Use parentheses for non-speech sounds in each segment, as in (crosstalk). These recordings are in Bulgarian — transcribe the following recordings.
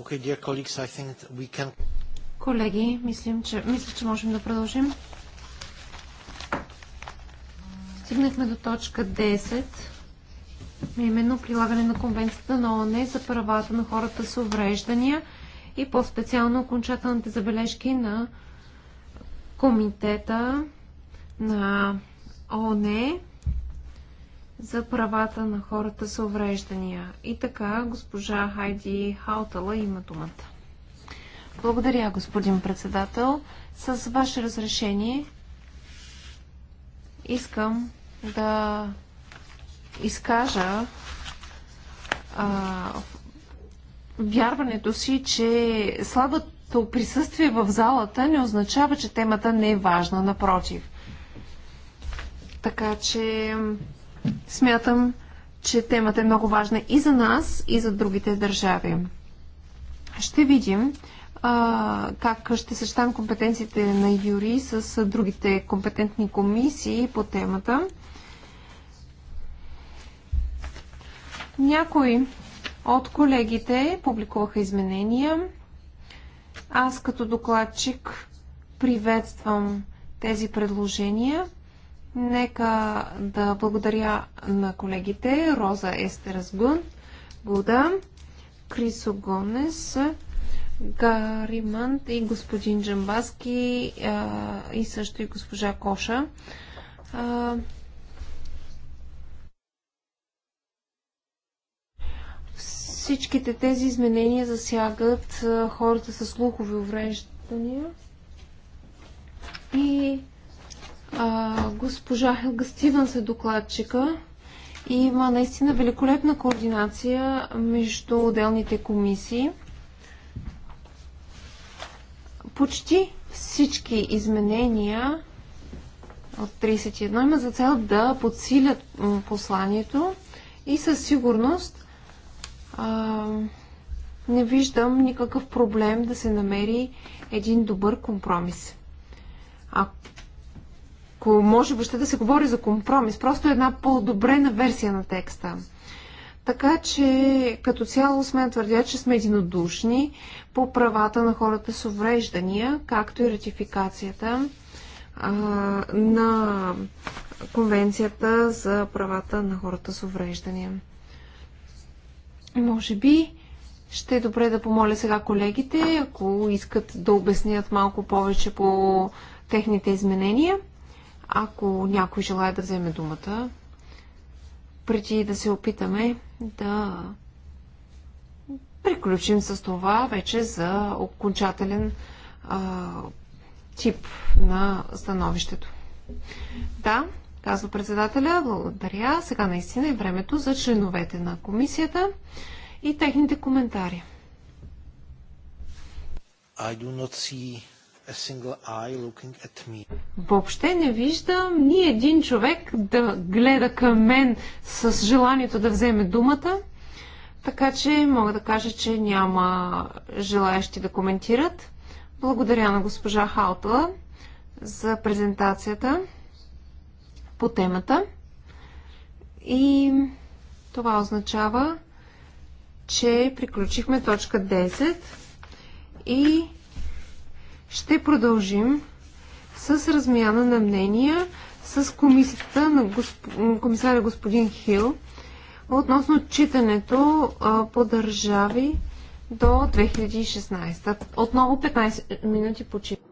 Okay, dear colleagues, I think we can... Колеги, мислим, че, мисля, че можем да продължим. Стигнахме до точка 10, именно прилагане на Конвенцията на ООН за правата на хората с увреждания и по-специално окончателните забележки на Комитета на ООН за правата на хората с увреждания. И така, госпожа Хайди Хаутала има думата. Благодаря, господин председател. С ваше разрешение искам да изкажа а, вярването си, че слабото присъствие в залата не означава, че темата не е важна, напротив. Така че Смятам, че темата е много важна и за нас, и за другите държави. Ще видим а, как ще съчетаем компетенциите на Юри с другите компетентни комисии по темата. Някои от колегите публикуваха изменения. Аз като докладчик приветствам тези предложения Нека да благодаря на колегите Роза Естерасгун, Буда, Крисо Гонес, Гаримант и господин Джамбаски и също и госпожа Коша. Всичките тези изменения засягат хората с слухови увреждания и а, госпожа Хелга Стивенс е докладчика и има наистина великолепна координация между отделните комисии. Почти всички изменения от 31 има за цел да подсилят посланието и със сигурност а, не виждам никакъв проблем да се намери един добър компромис. А ако може въобще да се говори за компромис, просто една по-добрена версия на текста. Така че като цяло сме твърдя, че сме единодушни по правата на хората с увреждания, както и ратификацията а, на Конвенцията за правата на хората с увреждания. Може би ще е добре да помоля сега колегите, ако искат да обяснят малко повече по техните изменения. Ако някой желая да вземе думата, преди да се опитаме да приключим с това вече за окончателен а, тип на становището. Да, казва председателя, благодаря. Сега наистина е времето за членовете на комисията и техните коментари. I do not see Въобще не виждам ни един човек да гледа към мен с желанието да вземе думата. Така че мога да кажа, че няма желаящи да коментират. Благодаря на госпожа Хаутала за презентацията по темата. И това означава, че приключихме точка 10 и ще продължим с размяна на мнения с комисията на госп... комисаря господин Хил относно читането по държави до 2016. Отново 15 минути почивка.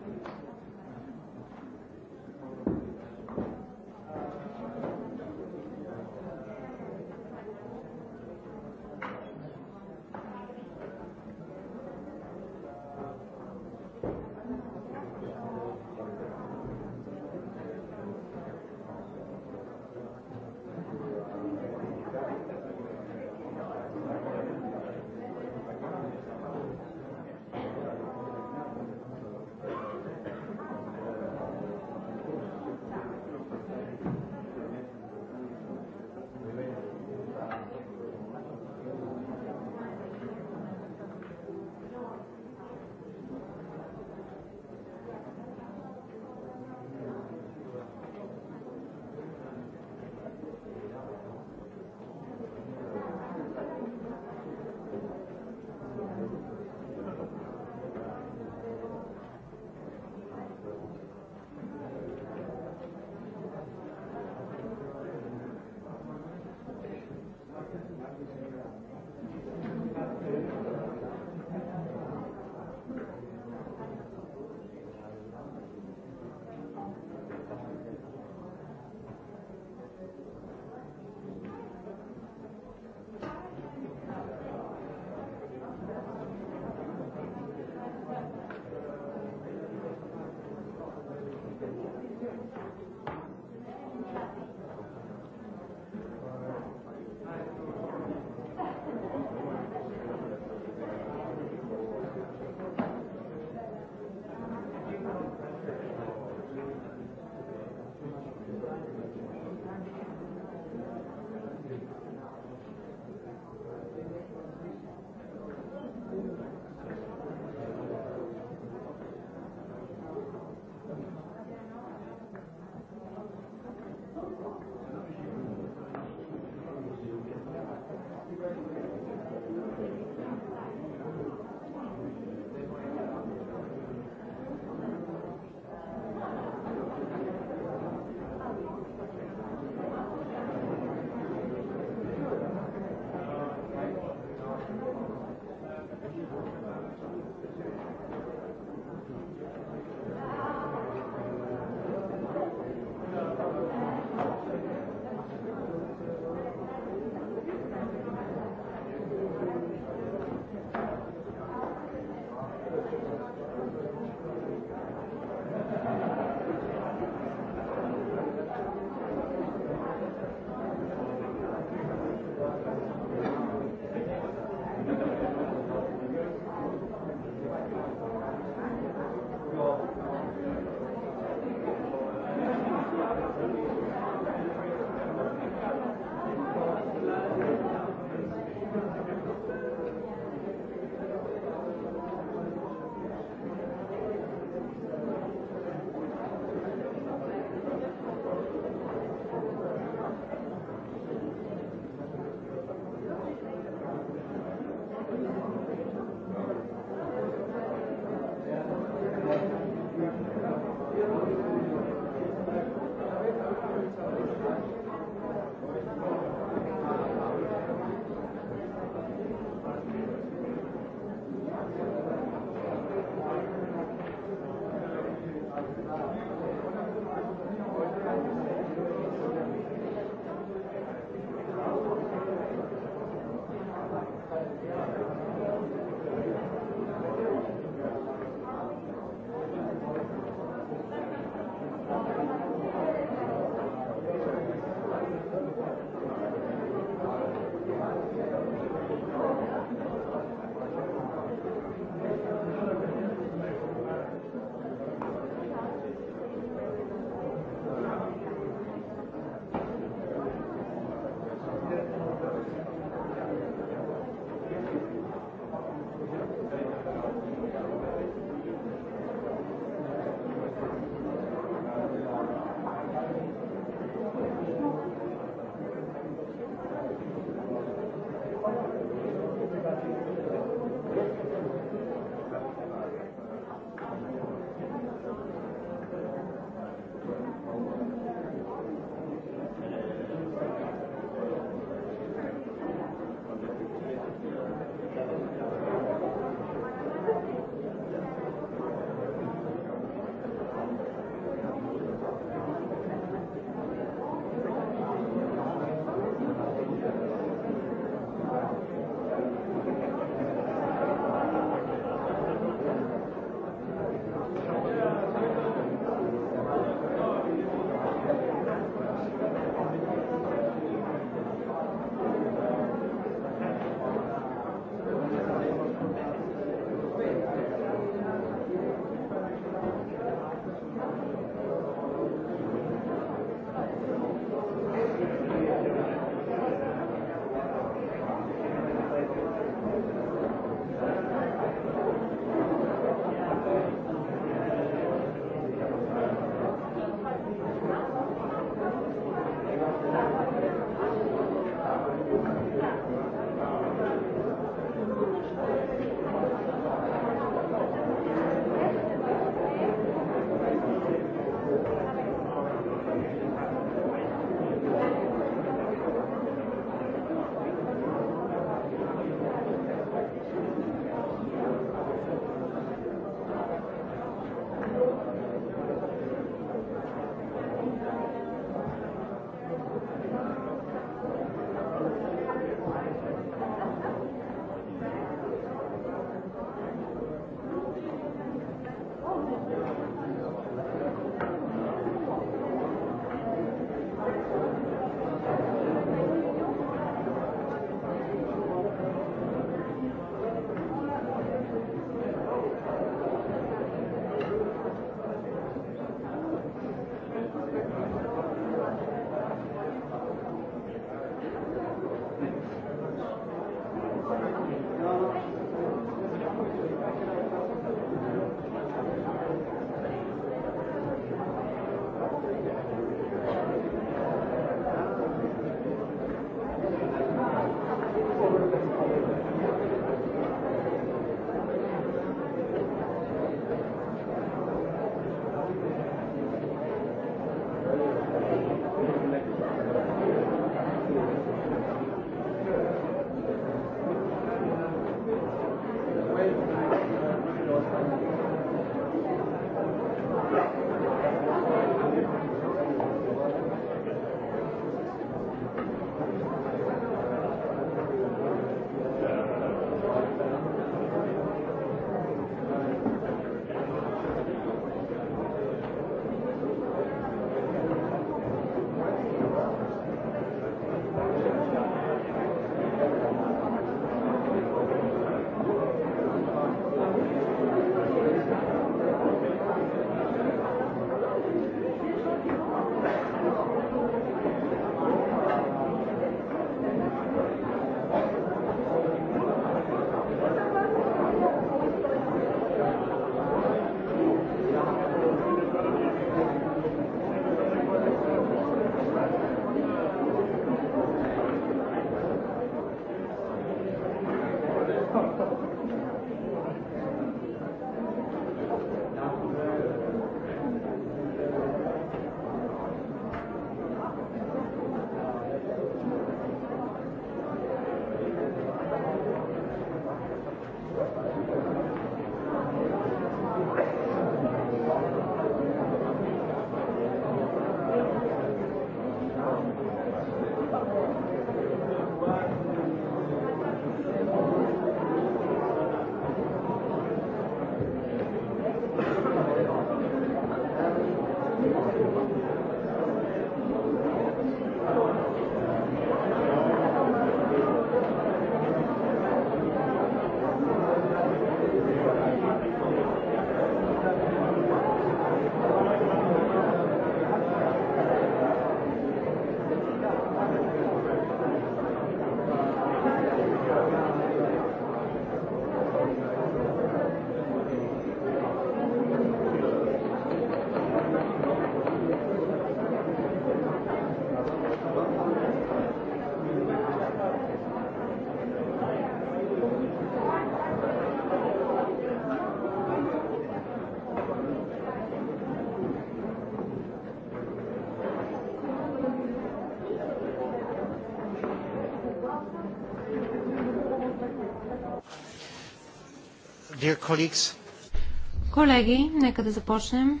Колеги, нека да започнем.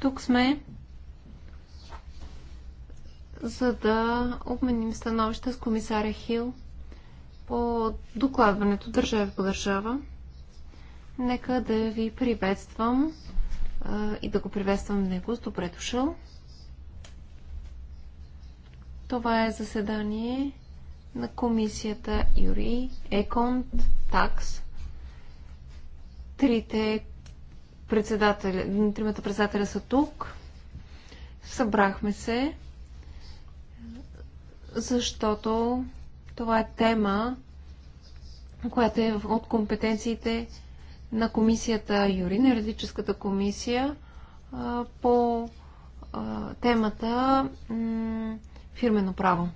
Тук сме, за да обменим становище с комисаря Хил по докладването държава по държава. Нека да ви приветствам и да го приветствам него с добре дошъл. Това е заседание на комисията Юри, Еконт, Такс. Трите председатели, тримата председателя са тук. Събрахме се, защото това е тема, която е от компетенциите на комисията Юри, на юридическата комисия по темата фирмено право.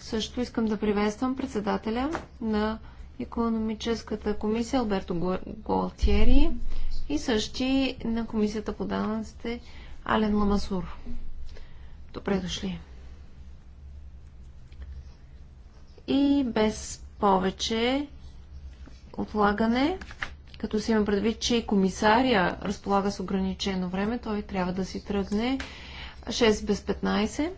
Също искам да приветствам председателя на економическата комисия Алберто Голтиери и същи на комисията по данъците Ален Ламасур. Добре дошли. И без повече отлагане, като си има предвид, че и комисария разполага с ограничено време, той трябва да си тръгне 6 без 15.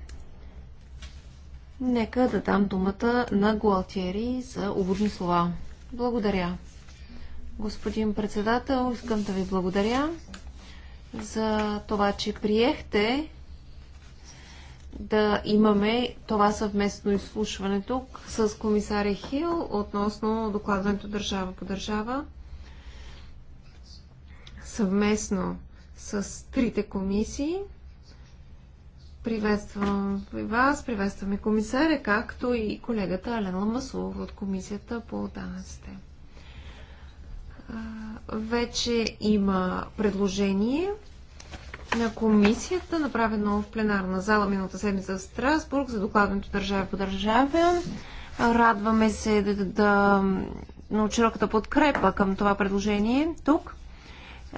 Нека да дам думата на Гуалтиери за уводни слова. Благодаря. Господин председател, искам да ви благодаря за това, че приехте да имаме това съвместно изслушване тук с комисаря Хил относно докладването държава по държава. Съвместно с трите комисии – Приветствам и вас, приветствам и комисаря, както и колегата Ален Ламасов от Комисията по данъците. Вече има предложение на комисията, направено в пленарна зала миналата седмица в Страсбург за докладването държава по държава. Радваме се да, да, да, на широката подкрепа към това предложение тук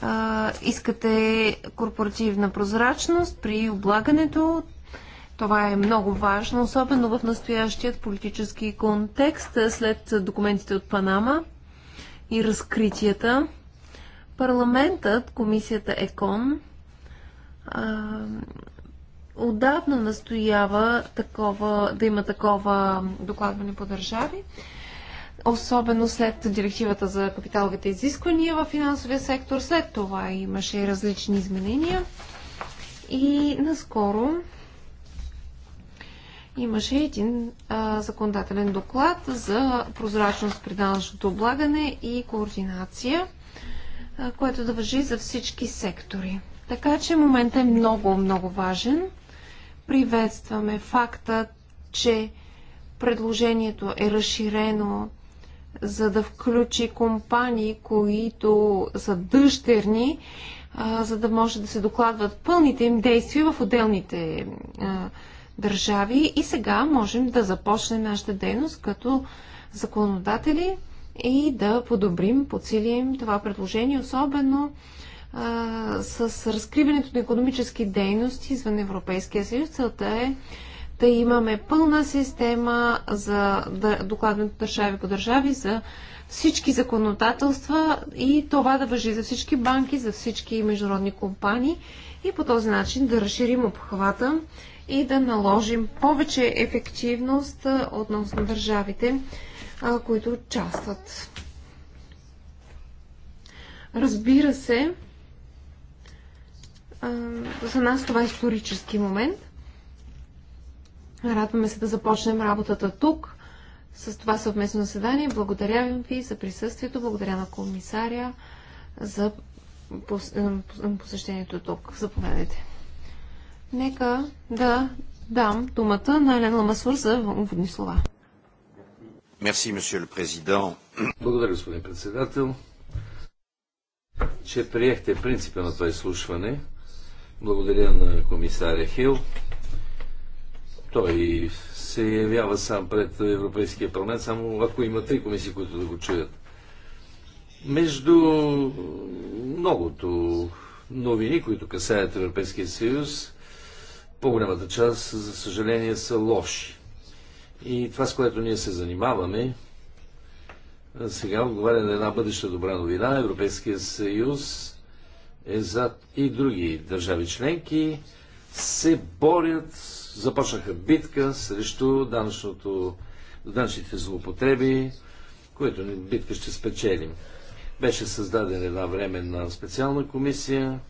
а, искате корпоративна прозрачност при облагането. Това е много важно, особено в настоящият политически контекст след документите от Панама и разкритията. Парламентът, комисията ЕКОН, а, отдавна настоява такова, да има такова докладване по държави особено след директивата за капиталовите изисквания в финансовия сектор. След това имаше и различни изменения. И наскоро имаше един а, законодателен доклад за прозрачност при данъчното облагане и координация, а, което да въжи за всички сектори. Така че моментът е много, много важен. Приветстваме факта, че предложението е разширено за да включи компании, които са дъщерни, за да може да се докладват пълните им действия в отделните държави. И сега можем да започнем нашата дейност като законодатели и да подобрим, подсилим това предложение, особено с разкриването на економически дейности извън Европейския съюз. Целта е да имаме пълна система за докладването държави по държави за всички законодателства и това да въжи за всички банки, за всички международни компании и по този начин да разширим обхвата и да наложим повече ефективност относно държавите, които участват. Разбира се, за нас това е исторически момент, Радваме се да започнем работата тук с това съвместно заседание. Благодаря ви за присъствието, благодаря на комисаря за посещението тук. Заповядайте. Нека да дам думата на Елена Масур за вводни слова. Мерси, президент. Благодаря, господин председател, че приехте принципа на това изслушване. Благодаря на комисаря Хил той се явява сам пред Европейския парламент, само ако има три комисии, които да го чуят. Между многото новини, които касаят Европейския съюз, по-голямата част, за съжаление, са лоши. И това, с което ние се занимаваме, сега отговаря на една бъдеща добра новина. Европейския съюз е зад и други държави членки се борят започнаха битка срещу данъчните злоупотреби, които битка ще спечелим. Беше създадена една временна специална комисия,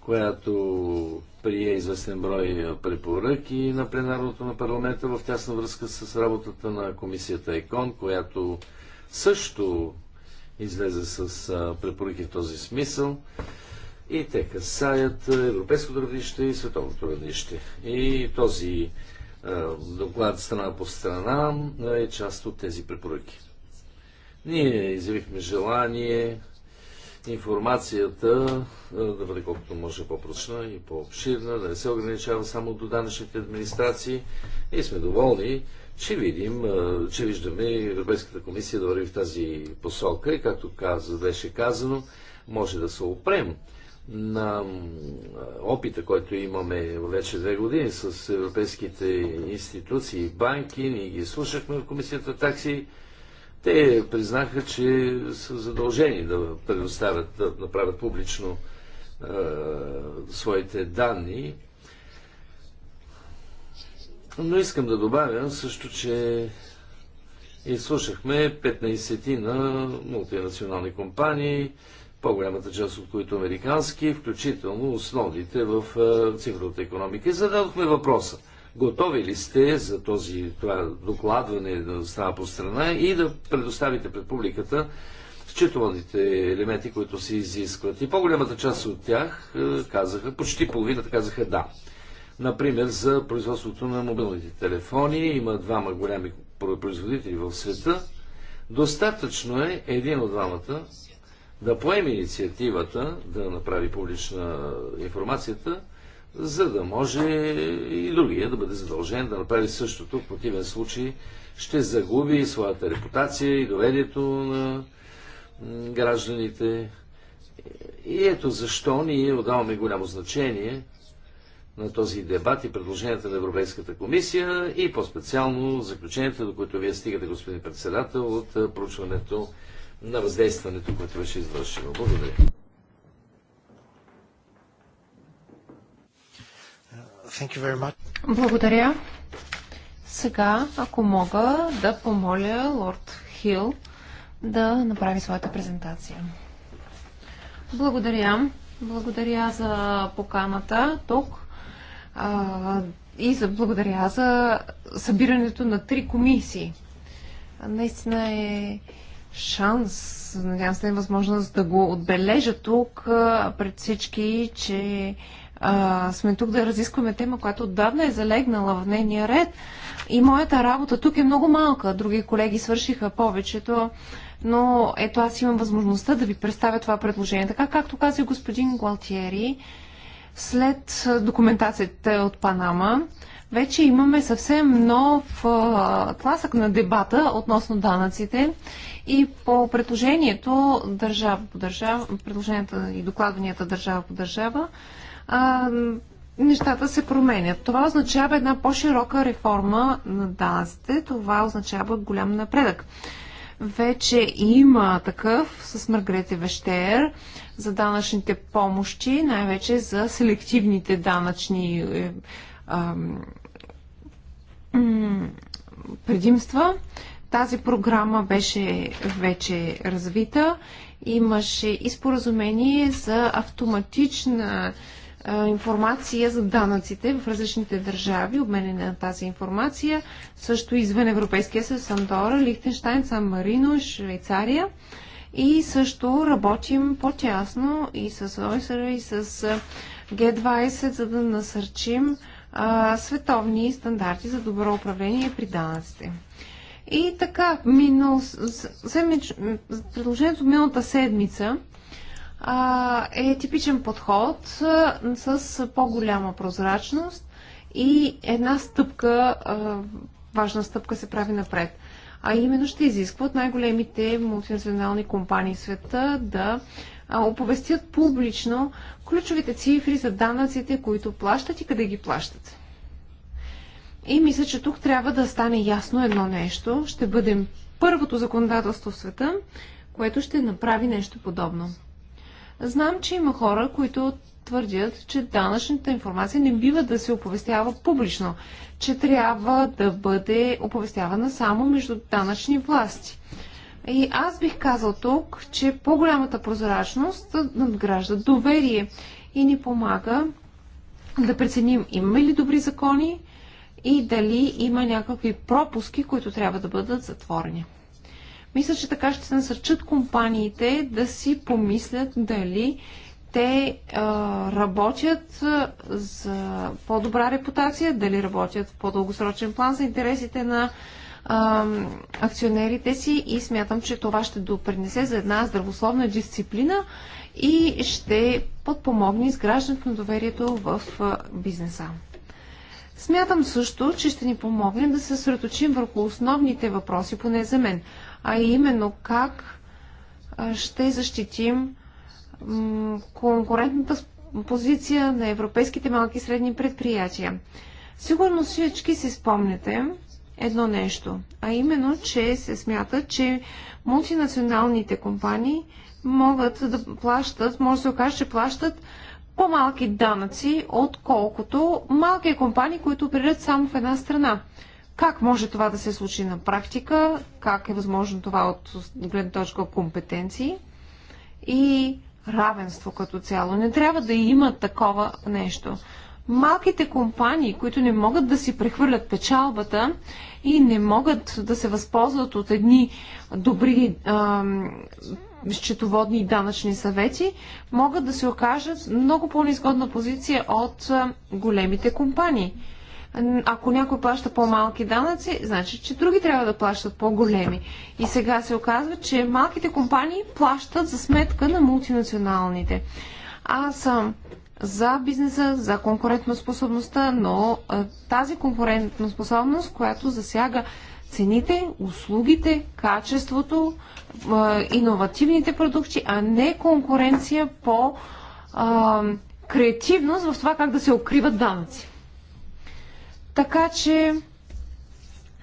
която прие известен брой препоръки на пленарното на парламента в тясна връзка с работата на комисията ЕКОН, която също излезе с препоръки в този смисъл и те касаят европейското равнище и световното равнище. И този доклад страна по страна е част от тези препоръки. Ние изявихме желание информацията да бъде колкото може по-прочна и по-обширна, да не се ограничава само до данъчните администрации и сме доволни, че видим, че виждаме Европейската комисия да върви в тази посока и както каза, беше казано, може да се опрем на опита, който имаме вече две години с европейските институции и банки, ние ги слушахме в комисията такси, те признаха, че са задължени да предоставят, да направят публично е, своите данни. Но искам да добавя също, че изслушахме 15 ти на мултинационални компании, по-голямата част от които американски, включително основните в е, цифровата економика. И зададохме въпроса. Готови ли сте за този, това докладване да страна по страна и да предоставите пред публиката счетоводните елементи, които се изискват? И по-голямата част от тях е, казаха, почти половината казаха да. Например, за производството на мобилните телефони има двама голями производители в света. Достатъчно е един от двамата да поеме инициативата, да направи публична информацията, за да може и другия да бъде задължен да направи същото. В противен случай ще загуби своята репутация и доверието на гражданите. И ето защо ние отдаваме голямо значение на този дебат и предложенията на Европейската комисия и по-специално заключенията, до които вие стигате, господин председател, от проучването на въздействането, което беше извършено. Благодаря. Благодаря. Сега, ако мога да помоля лорд Хил да направи своята презентация. Благодаря. Благодаря за поканата тук а, и за благодаря за събирането на три комисии. Наистина е шанс, надявам се, е възможност да го отбележа тук пред всички, че а, сме тук да разискваме тема, която отдавна е залегнала в нейния ред. И моята работа тук е много малка. Други колеги свършиха повечето, но ето аз имам възможността да ви представя това предложение. Така както каза господин Гуалтиери, след документацията от Панама, вече имаме съвсем нов тласък на дебата относно данъците и по предложението държава по държава, предложенията и докладванията държава по държава, а, нещата се променят. Това означава една по-широка реформа на данъците. Това означава голям напредък. Вече има такъв с Маргарете Вещер за данъчните помощи, най-вече за селективните данъчни е, предимства. Тази програма беше вече развита. Имаше и споразумение за автоматична информация за данъците в различните държави, обмене на тази информация, също извън Европейския съюз, Андора, Лихтенштайн, Сан Марино, Швейцария. И също работим по-тясно и с ОСР, и с G20, за да насърчим а, световни стандарти за добро управление при данъците. И така, минал, седмич, предложението миналата седмица а, е типичен подход а, с по-голяма прозрачност и една стъпка, а, важна стъпка се прави напред. А именно ще изискват най-големите мултинационални компании в света да оповестят публично ключовите цифри за данъците, които плащат и къде ги плащат. И мисля, че тук трябва да стане ясно едно нещо. Ще бъдем първото законодателство в света, което ще направи нещо подобно. Знам, че има хора, които твърдят, че данъчната информация не бива да се оповестява публично, че трябва да бъде оповестявана само между данъчни власти. И аз бих казал тук, че по-голямата прозрачност надгражда доверие и ни помага да преценим имаме ли добри закони и дали има някакви пропуски, които трябва да бъдат затворени. Мисля, че така ще се насърчат компаниите да си помислят дали те а, работят за по-добра репутация, дали работят в по-дългосрочен план за интересите на а, акционерите си и смятам, че това ще допринесе за една здравословна дисциплина и ще подпомогне изграждането на доверието в бизнеса. Смятам също, че ще ни помогне да се съсредоточим върху основните въпроси, поне за мен, а именно как ще защитим конкурентната позиция на европейските малки и средни предприятия. Сигурно всички си спомняте, едно нещо, а именно, че се смята, че мултинационалните компании могат да плащат, може да се окаже, че плащат по-малки данъци, отколкото малки компании, които оперират само в една страна. Как може това да се случи на практика? Как е възможно това от гледна точка компетенции? И равенство като цяло. Не трябва да има такова нещо малките компании, които не могат да си прехвърлят печалбата и не могат да се възползват от едни добри а, счетоводни и данъчни съвети, могат да се окажат много по-низгодна позиция от големите компании. Ако някой плаща по-малки данъци, значи, че други трябва да плащат по-големи. И сега се оказва, че малките компании плащат за сметка на мултинационалните. Аз съм за бизнеса, за конкурентоспособността, но тази конкурентоспособност, която засяга цените, услугите, качеството, иновативните продукти, а не конкуренция по а, креативност в това как да се укриват данъци. Така че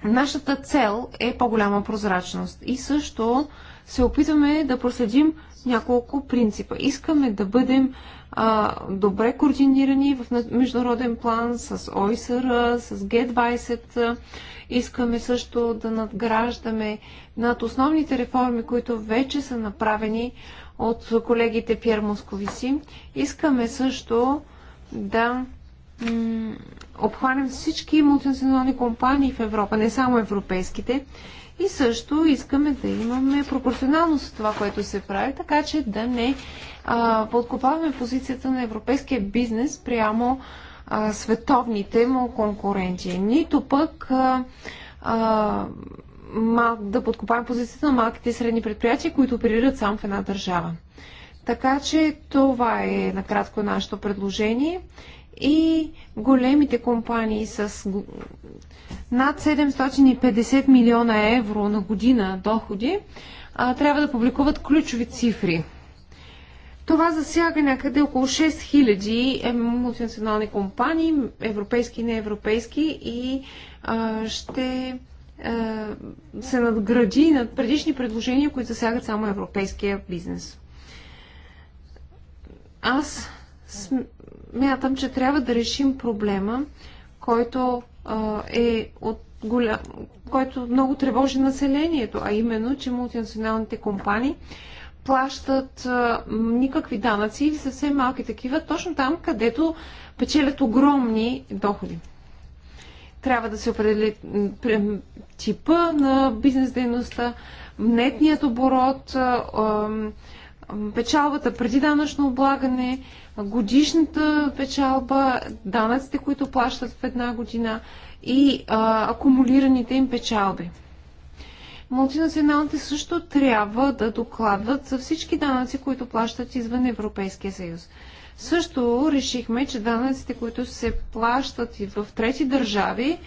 нашата цел е по-голяма прозрачност. И също се опитваме да проследим няколко принципа. Искаме да бъдем а, добре координирани в международен план с ОИСР, с Г20. Искаме също да надграждаме над основните реформи, които вече са направени от колегите Пьер Московиси. Искаме също да обхванем всички мултинационални компании в Европа, не само европейските. И също искаме да имаме пропорционалност от това, което се прави, така че да не а, подкопаваме позицията на европейския бизнес прямо а, световните му конкуренти. Нито пък а, а, мал, да подкопаваме позицията на малките и средни предприятия, които оперират само в една държава. Така че това е накратко нашето предложение и големите компании с над 750 милиона евро на година доходи трябва да публикуват ключови цифри. Това засяга някъде около 6000 е, мултинационални компании, европейски и неевропейски, и а, ще а, се надгради над предишни предложения, които засягат само европейския бизнес. Аз мятам, че трябва да решим проблема, който е от голям, който много тревожи населението, а именно, че мултинационалните компании плащат никакви данъци или съвсем малки такива, точно там, където печелят огромни доходи. Трябва да се определи типа на бизнес дейността, нетният оборот, печалбата преди данъчно облагане, годишната печалба, данъците, които плащат в една година и а, акумулираните им печалби. Мултинационалните също трябва да докладват за всички данъци, които плащат извън Европейския съюз. Също решихме, че данъците, които се плащат и в трети държави,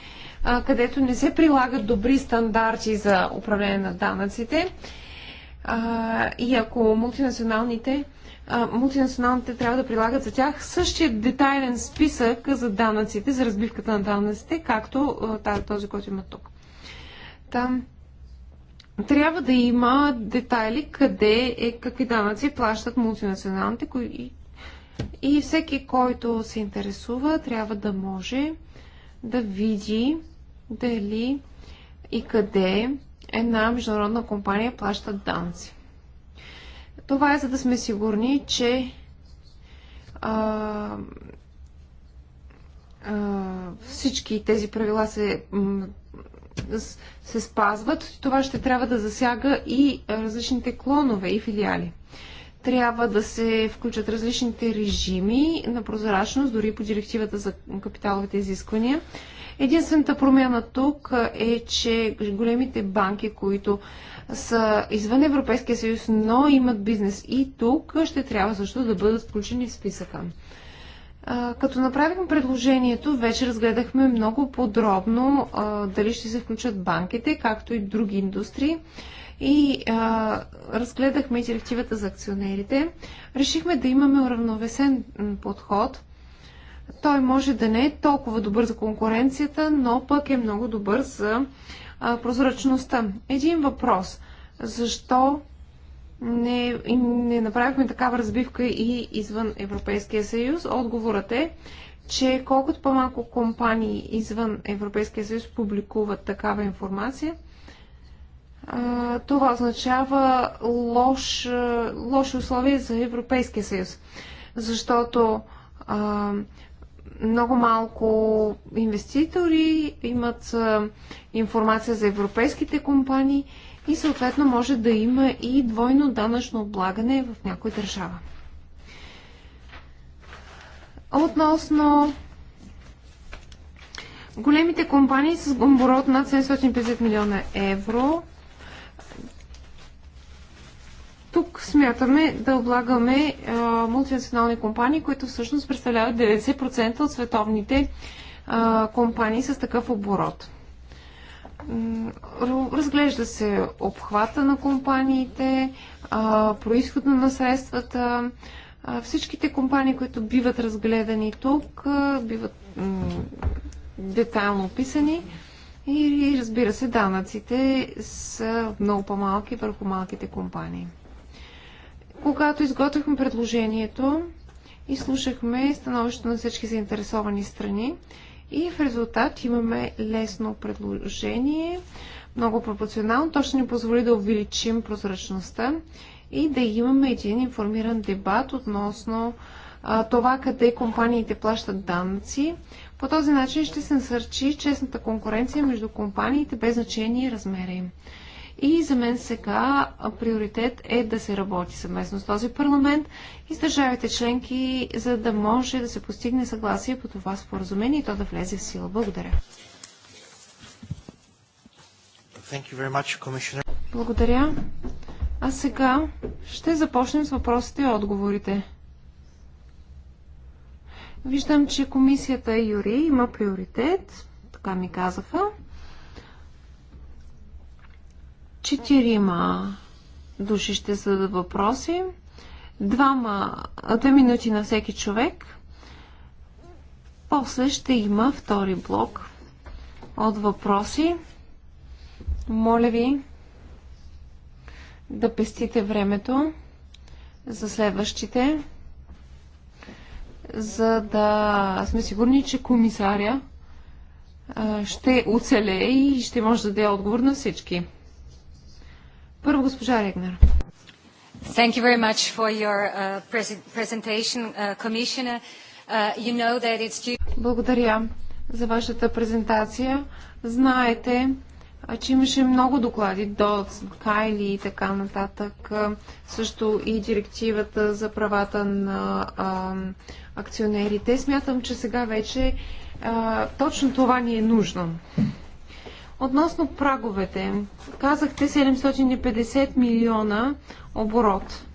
а, където не се прилагат добри стандарти за управление на данъците, а, и ако мултинационалните мултинационалните трябва да прилагат за тях същия детайлен списък за данъците, за разбивката на данъците, както този, който има тук. Там трябва да има детайли къде е, какви данъци плащат мултинационалните кои... и всеки, който се интересува, трябва да може да види дали и къде една международна компания плаща данъци. Това е за да сме сигурни, че а, а, всички тези правила се, се спазват. Това ще трябва да засяга и различните клонове и филиали. Трябва да се включат различните режими на прозрачност, дори по директивата за капиталовите изисквания. Единствената промяна тук е, че големите банки, които са извън Европейския съюз, но имат бизнес и тук, ще трябва също да бъдат включени в списъка. Като направим предложението, вече разгледахме много подробно дали ще се включат банките, както и други индустрии и а, разгледахме директивата за акционерите, решихме да имаме уравновесен подход той може да не е толкова добър за конкуренцията, но пък е много добър за а, прозрачността. Един въпрос. Защо не, не направихме такава разбивка и извън Европейския съюз? Отговорът е, че колкото по-малко компании извън Европейския съюз публикуват такава информация, това означава лош, лоши условия за Европейския съюз. Защото а, много малко инвеститори имат информация за европейските компании и съответно може да има и двойно данъчно облагане в някой държава. Относно големите компании с оборот над 750 милиона евро, тук смятаме да облагаме а, мултинационални компании, които всъщност представляват 90% от световните а, компании с такъв оборот. Разглежда се обхвата на компаниите, происходно происхода на средствата. всичките компании, които биват разгледани тук, биват детайлно описани. И разбира се, данъците са много по-малки върху малките компании. Когато изготвихме предложението, изслушахме становището на всички заинтересовани страни и в резултат имаме лесно предложение, много пропорционално. То ще ни позволи да увеличим прозрачността и да имаме един информиран дебат относно а, това къде компаниите плащат данъци. По този начин ще се насърчи честната конкуренция между компаниите без значение и размера им. И за мен сега приоритет е да се работи съвместно с този парламент и с държавите членки, за да може да се постигне съгласие по това споразумение и то да влезе в сила. Благодаря. Much, Благодаря. А сега ще започнем с въпросите и отговорите. Виждам, че комисията Юри има приоритет, така ми казаха. Четирима души ще зададат въпроси. Двама, две минути на всеки човек. После ще има втори блок от въпроси. Моля ви да пестите времето за следващите, за да сме сигурни, че комисаря ще оцелее и ще може да даде отговор на всички. Първо госпожа Регнер. Thank you very much for your uh, presentation, uh, Commissioner. Uh, you know that it's due... Благодаря за вашата презентация. Знаете, че имаше много доклади, до Кайли и така нататък. Също и директивата за правата на а, акционерите. Смятам, че сега вече а, точно това ни е нужно. Относно праговете, казахте 750 милиона оборот.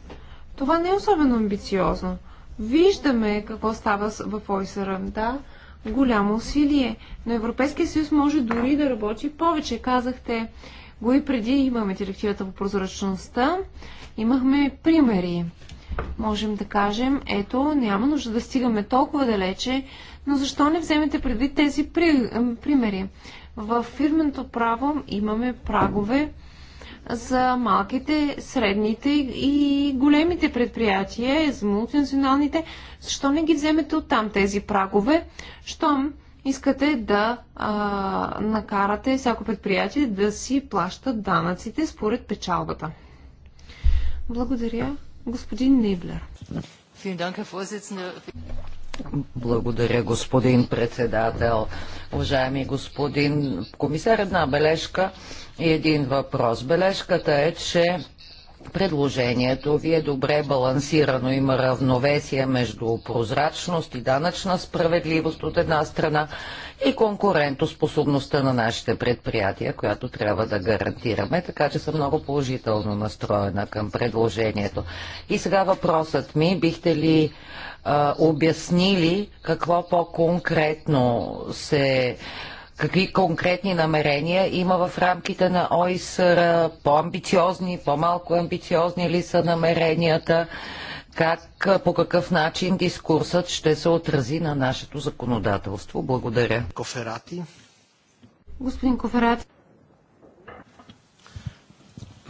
Това не е особено амбициозно. Виждаме какво става в ОИСР. Да, голямо усилие, но Европейския съюз може дори да работи повече. Казахте го и преди имаме директивата по прозрачността, имахме примери. Можем да кажем, ето, няма нужда да стигаме толкова далече, но защо не вземете преди тези при, примери? В фирменото право имаме прагове за малките, средните и големите предприятия, за мултинационалните. Защо не ги вземете от там тези прагове? Щом искате да а, накарате всяко предприятие да си плащат данъците според печалбата. Благодаря, господин Ниблер. Благодаря, господин председател. Уважаеми господин комисар, една бележка и един въпрос. Бележката е, че предложението ви е добре балансирано, има равновесие между прозрачност и данъчна справедливост от една страна и конкурентоспособността на нашите предприятия, която трябва да гарантираме, така че съм много положително настроена към предложението. И сега въпросът ми, бихте ли а, обяснили какво по-конкретно се какви конкретни намерения има в рамките на ОИСР, по-амбициозни, по-малко амбициозни ли са намеренията, как, по какъв начин дискурсът ще се отрази на нашето законодателство. Благодаря. Коферати. Господин Коферати.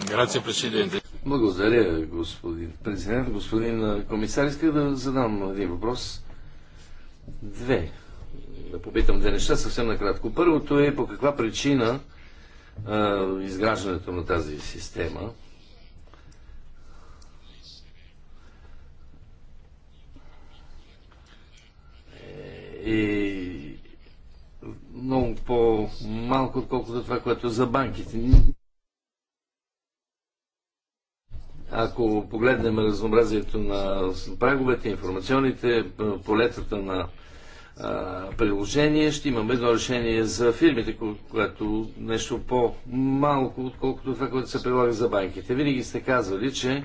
Грация, Благодаря, господин президент. Господин комисар, иска да задам един въпрос. Две. Да попитам две неща съвсем накратко. Първото е по каква причина а, изграждането на тази система е много по-малко, отколкото това, което е за банките. Ако погледнем разнообразието на праговете, информационните полетата на приложение, ще имаме едно решение за фирмите, което нещо по-малко, отколкото това, което се прилага за банките. Винаги сте казвали, че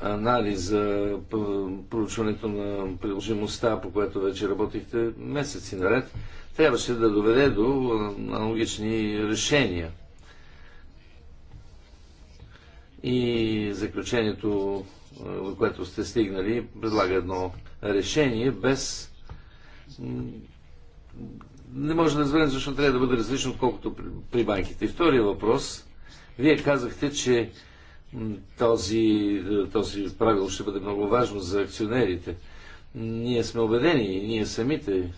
анализа, проучването на приложимостта, по което вече работихте месеци наред, трябваше да доведе до аналогични решения и заключението, до е, което сте стигнали, предлага едно решение без... Не може да разберем защо трябва да бъде различно, отколкото при банките. И втория въпрос. Вие казахте, че този, е, този правил ще бъде много важно за акционерите. Ние сме убедени, и ние самите,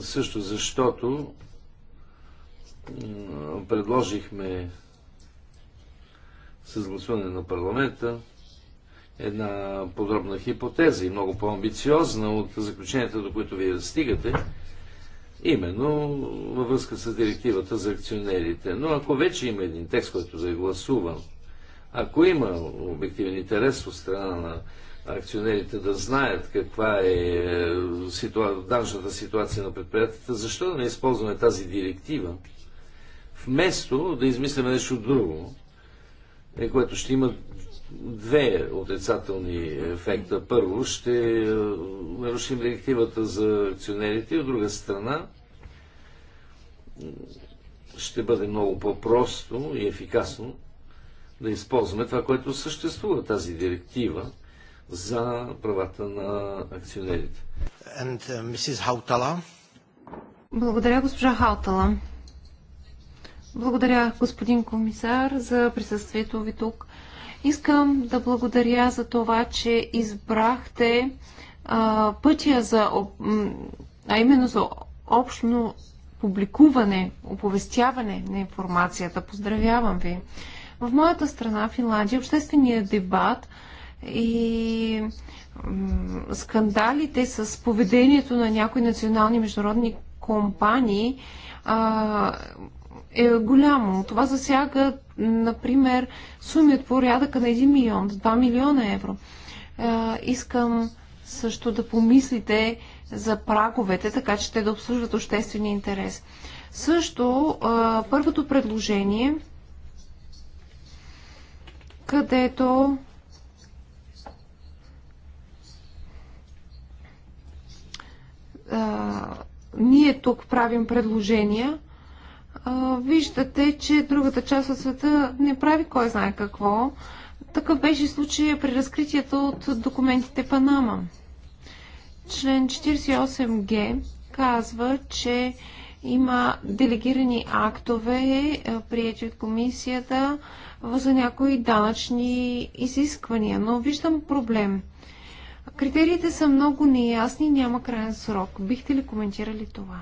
също защото предложихме с гласуване на парламента една подробна хипотеза и много по-амбициозна от заключенията, до които вие стигате, именно във връзка с директивата за акционерите. Но ако вече има един текст, който да е гласуван, ако има обективен интерес от страна на акционерите да знаят каква е ситуа... ситуация на предприятията, защо да не използваме тази директива, вместо да измисляме нещо друго, е, което ще има две отрицателни ефекта. Първо, ще е, нарушим директивата за акционерите и от друга страна ще бъде много по-просто и ефикасно да използваме това, което съществува тази директива за правата на акционерите. And, uh, Благодаря, госпожа Хаутала. Благодаря, господин комисар, за присъствието ви тук. Искам да благодаря за това, че избрахте а, пътя за, а именно за общно публикуване, оповестяване на информацията. Поздравявам ви. В моята страна, Финландия, общественият дебат и скандалите с поведението на някои национални международни компании а, е голямо. Това засяга, например, суми от порядъка на 1 милион, 2 милиона евро. Искам също да помислите за праговете, така че те да обслужват обществения интерес. Също първото предложение, където ние тук правим предложения, виждате, че другата част от света не прави кой знае какво. Такъв беше случая при разкритието от документите Панама. Член 48г казва, че има делегирани актове, е, прияти от комисията за някои данъчни изисквания, но виждам проблем. Критериите са много неясни, няма крайен срок. Бихте ли коментирали това?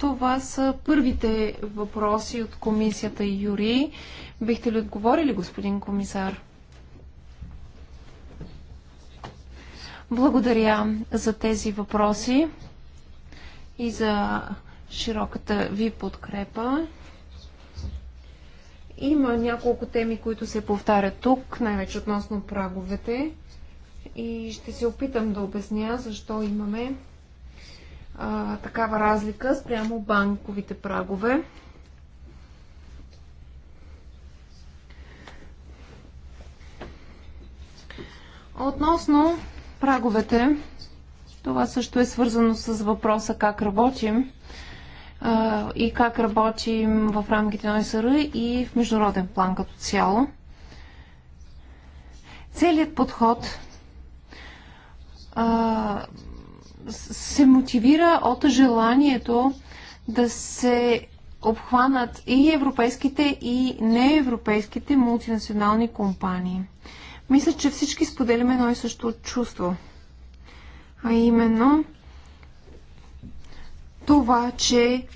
Това са първите въпроси от комисията Юри. Бихте ли отговорили, господин комисар? Благодаря за тези въпроси и за широката ви подкрепа. Има няколко теми, които се повтарят тук, най-вече относно праговете. И ще се опитам да обясня защо имаме а, такава разлика спрямо банковите прагове. Относно праговете, това също е свързано с въпроса как работим а, и как работим в рамките на ОСР и в международен план като цяло. Целият подход а, се мотивира от желанието да се обхванат и европейските, и неевропейските мултинационални компании. Мисля, че всички споделяме едно и също чувство. А именно това, че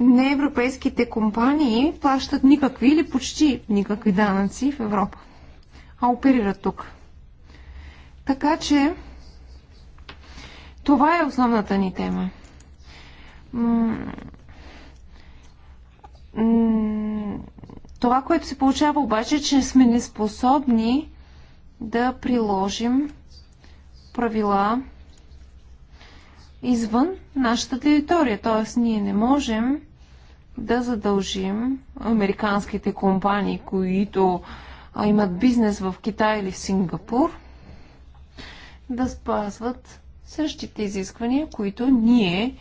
неевропейските компании плащат никакви или почти никакви данъци в Европа, а оперират тук. Така че това е основната ни тема. Това, което се получава обаче, е, че сме неспособни да приложим правила извън нашата територия. Т.е. ние не можем да задължим американските компании, които имат бизнес в Китай или в Сингапур, да спазват същите изисквания, които ние,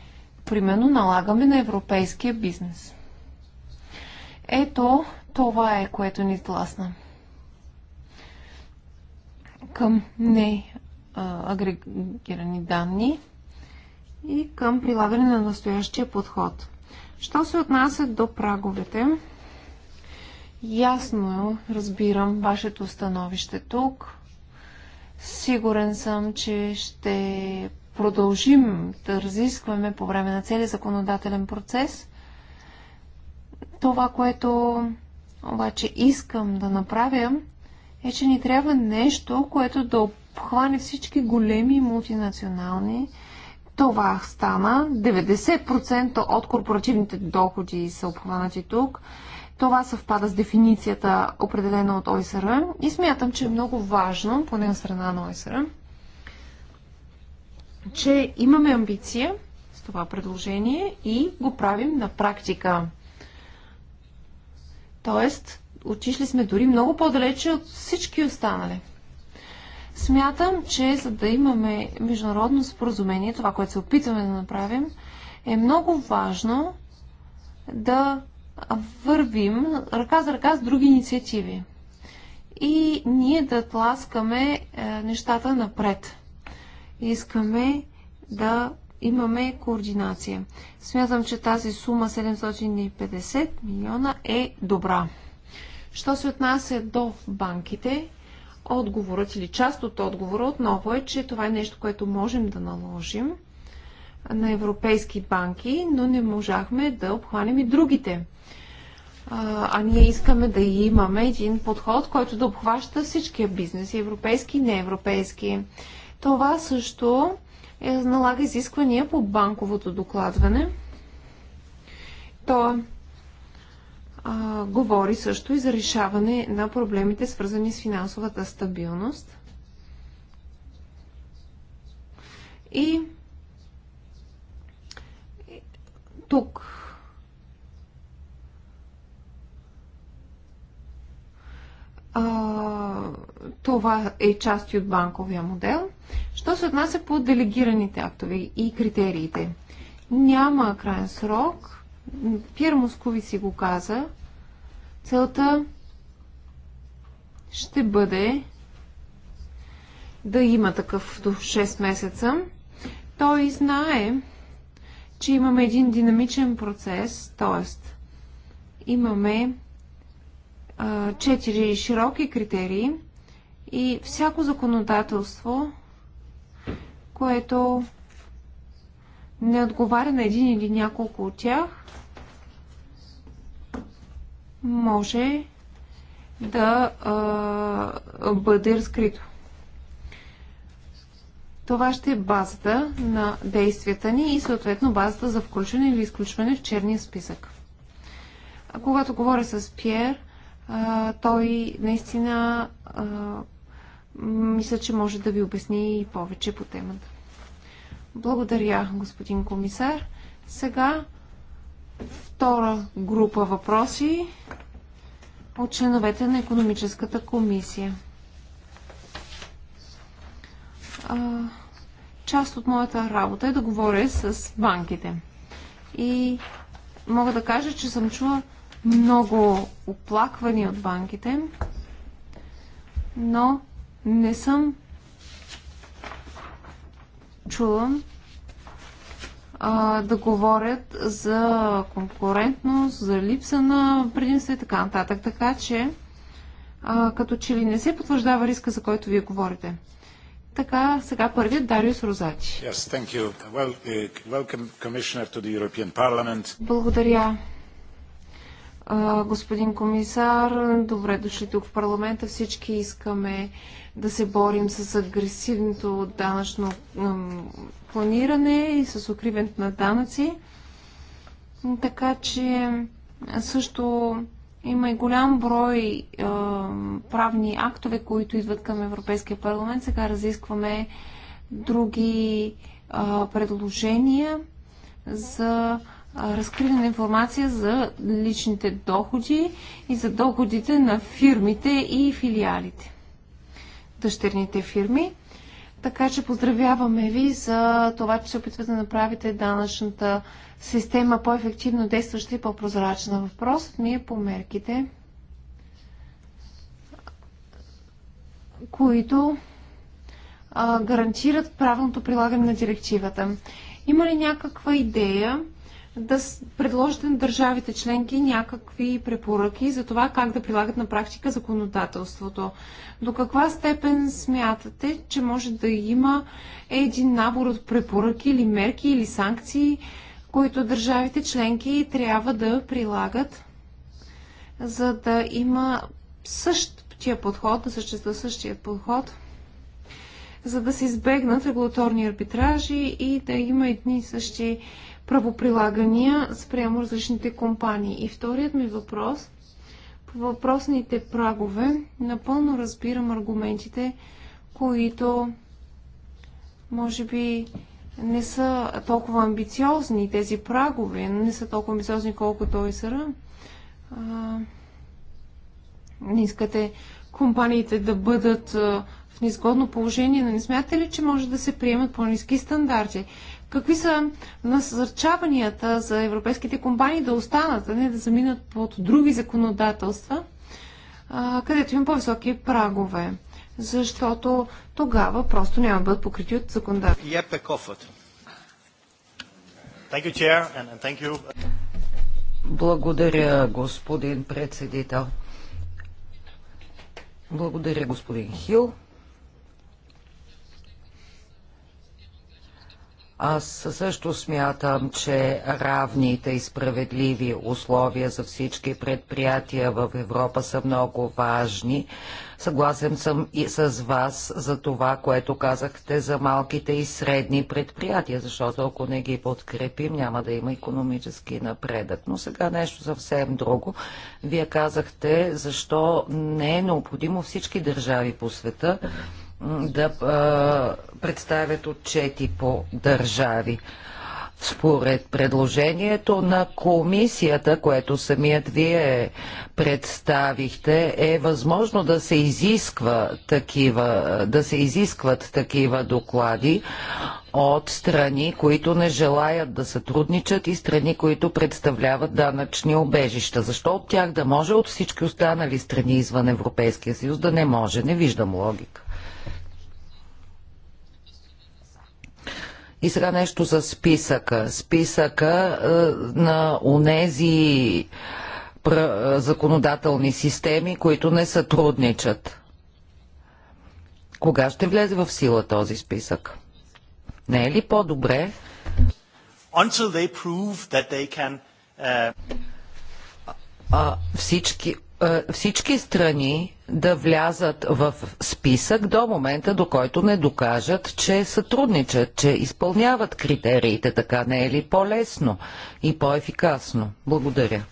примерно, налагаме на европейския бизнес. Ето, това е, което ни тласна. Към не а, агрегирани данни и към прилагане на настоящия подход. Що се отнася до праговете, ясно е, разбирам вашето становище тук. Сигурен съм, че ще продължим да разискваме по време на целият законодателен процес. Това, което обаче искам да направя, е, че ни трябва нещо, което да обхване всички големи мултинационални. Това стана. 90% от корпоративните доходи са обхванати тук. Това съвпада с дефиницията, определена от ОСР. И смятам, че е много важно, поне на страна на ОСР, че имаме амбиция с това предложение и го правим на практика. Тоест, отишли сме дори много по-далече от всички останали. Смятам, че за да имаме международно споразумение, това, което се опитваме да направим, е много важно да вървим ръка за ръка с други инициативи. И ние да тласкаме е, нещата напред. Искаме да имаме координация. Смятам, че тази сума 750 милиона е добра. Що се отнася до банките, отговорът или част от отговора отново е, че това е нещо, което можем да наложим – на европейски банки, но не можахме да обхванем и другите. А, а ние искаме да имаме един подход, който да обхваща всичкия бизнес, европейски и неевропейски. Това също е, налага изисквания по банковото докладване. То а, говори също и за решаване на проблемите, свързани с финансовата стабилност. И тук. А, това е част от банковия модел. Що се отнася по делегираните актове и критериите? Няма крайен срок. Пьер Москови си го каза. Целта ще бъде да има такъв до 6 месеца. Той знае, че имаме един динамичен процес, т.е. имаме четири широки критерии и всяко законодателство, което не отговаря на един или няколко от тях, може да а, бъде разкрито. Това ще е базата на действията ни и съответно базата за включване или изключване в черния списък. А когато говоря с Пьер, той наистина мисля, че може да ви обясни и повече по темата. Благодаря, господин комисар. Сега втора група въпроси от членовете на економическата комисия част от моята работа е да говоря с банките. И мога да кажа, че съм чула много оплаквания от банките, но не съм чула а, да говорят за конкурентност, за липса на предимства и така нататък. Така че, а, като че ли не се потвърждава риска, за който вие говорите. Така, сега първият Дариус Розачи. Yes, well, е, Благодаря. Господин комисар, добре дошли тук в парламента. Всички искаме да се борим с агресивното данъчно планиране и с укриването на данъци. Така че също има и голям брой е, правни актове, които идват към Европейския парламент. Сега разискваме други е, предложения за разкриване на информация за личните доходи и за доходите на фирмите и филиалите. Дъщерните фирми. Така че поздравяваме ви за това, че се опитвате да направите данъчната система по-ефективно действаща и по-прозрачна. Въпросът ми е по мерките, които а, гарантират правилното прилагане на директивата. Има ли някаква идея да предложите на държавите членки някакви препоръки за това как да прилагат на практика законодателството. До каква степен смятате, че може да има един набор от препоръки или мерки или санкции, които държавите членки трябва да прилагат, за да има същия подход, да съществува същия подход, за да се избегнат регулаторни арбитражи и да има едни и същи правоприлагания спрямо различните компании. И вторият ми въпрос по въпросните прагове напълно разбирам аргументите, които може би не са толкова амбициозни тези прагове, не са толкова амбициозни колкото ОСР. Не искате компаниите да бъдат в неизгодно положение, но не смятате ли, че може да се приемат по-низки стандарти? Какви са насърчаванията за европейските компании да останат, а не да заминат под други законодателства, където има по-високи прагове? Защото тогава просто няма да бъдат покрити от законодателства. Благодаря, господин председател. Благодаря, господин Хил. Аз също смятам, че равните и справедливи условия за всички предприятия в Европа са много важни. Съгласен съм и с вас за това, което казахте за малките и средни предприятия, защото ако не ги подкрепим, няма да има економически напредък. Но сега нещо съвсем друго. Вие казахте защо не е необходимо всички държави по света да представят отчети по държави. Според предложението на комисията, което самият вие представихте, е възможно да се, изисква такива, да се изискват такива доклади от страни, които не желаят да сътрудничат и страни, които представляват данъчни обежища. Защо от тях да може, от всички останали страни извън Европейския съюз да не може? Не виждам логика. И сега нещо за списъка. Списъка е, на онези е, законодателни системи, които не сътрудничат. Кога ще влезе в сила този списък? Не е ли по-добре? Uh... всички е, всички страни да влязат в списък до момента, до който не докажат, че сътрудничат, че изпълняват критериите. Така не е ли по-лесно и по-ефикасно? Благодаря.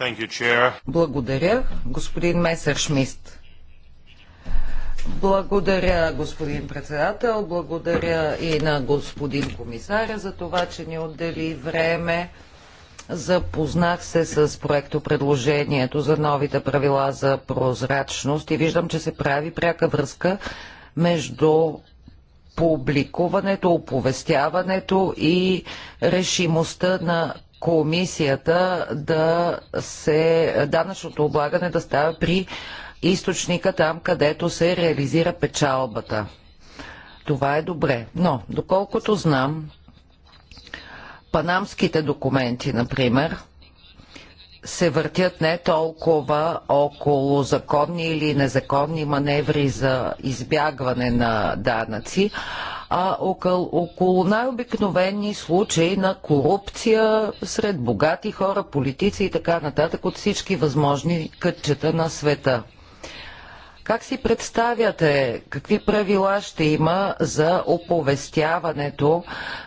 You, Благодаря, господин Месершмист. Благодаря, господин председател. Благодаря и на господин комисаря за това, че ни отдели време. Запознах се с проекто предложението за новите правила за прозрачност и виждам, че се прави пряка връзка между публикуването, оповестяването и решимостта на комисията да се данъчното облагане да става при източника там, където се реализира печалбата. Това е добре. Но, доколкото знам, панамските документи, например, се въртят не толкова около законни или незаконни маневри за избягване на данъци, а около, около най-обикновени случаи на корупция сред богати хора, политици и така нататък от всички възможни кътчета на света. Как си представяте, какви правила ще има за оповестяването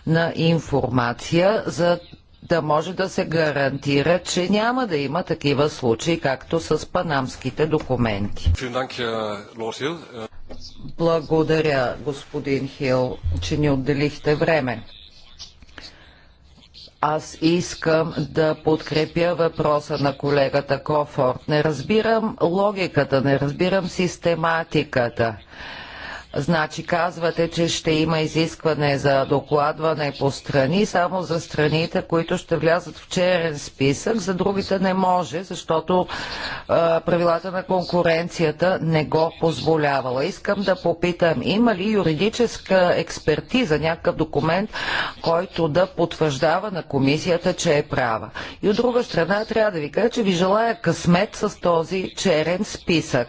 на информация, за да може да се гарантира, че няма да има такива случаи, както с панамските документи? Благодаря, господин Хил, че ни отделихте време. Аз искам да подкрепя въпроса на колегата Кофорт. Не разбирам логиката, не разбирам систематиката. Значи казвате, че ще има изискване за докладване по страни, само за страните, които ще влязат в черен списък, за другите не може, защото а, правилата на конкуренцията не го позволявала. Искам да попитам, има ли юридическа експертиза, някакъв документ, който да потвърждава на комисията, че е права? И от друга страна трябва да ви кажа, че ви желая късмет с този черен списък.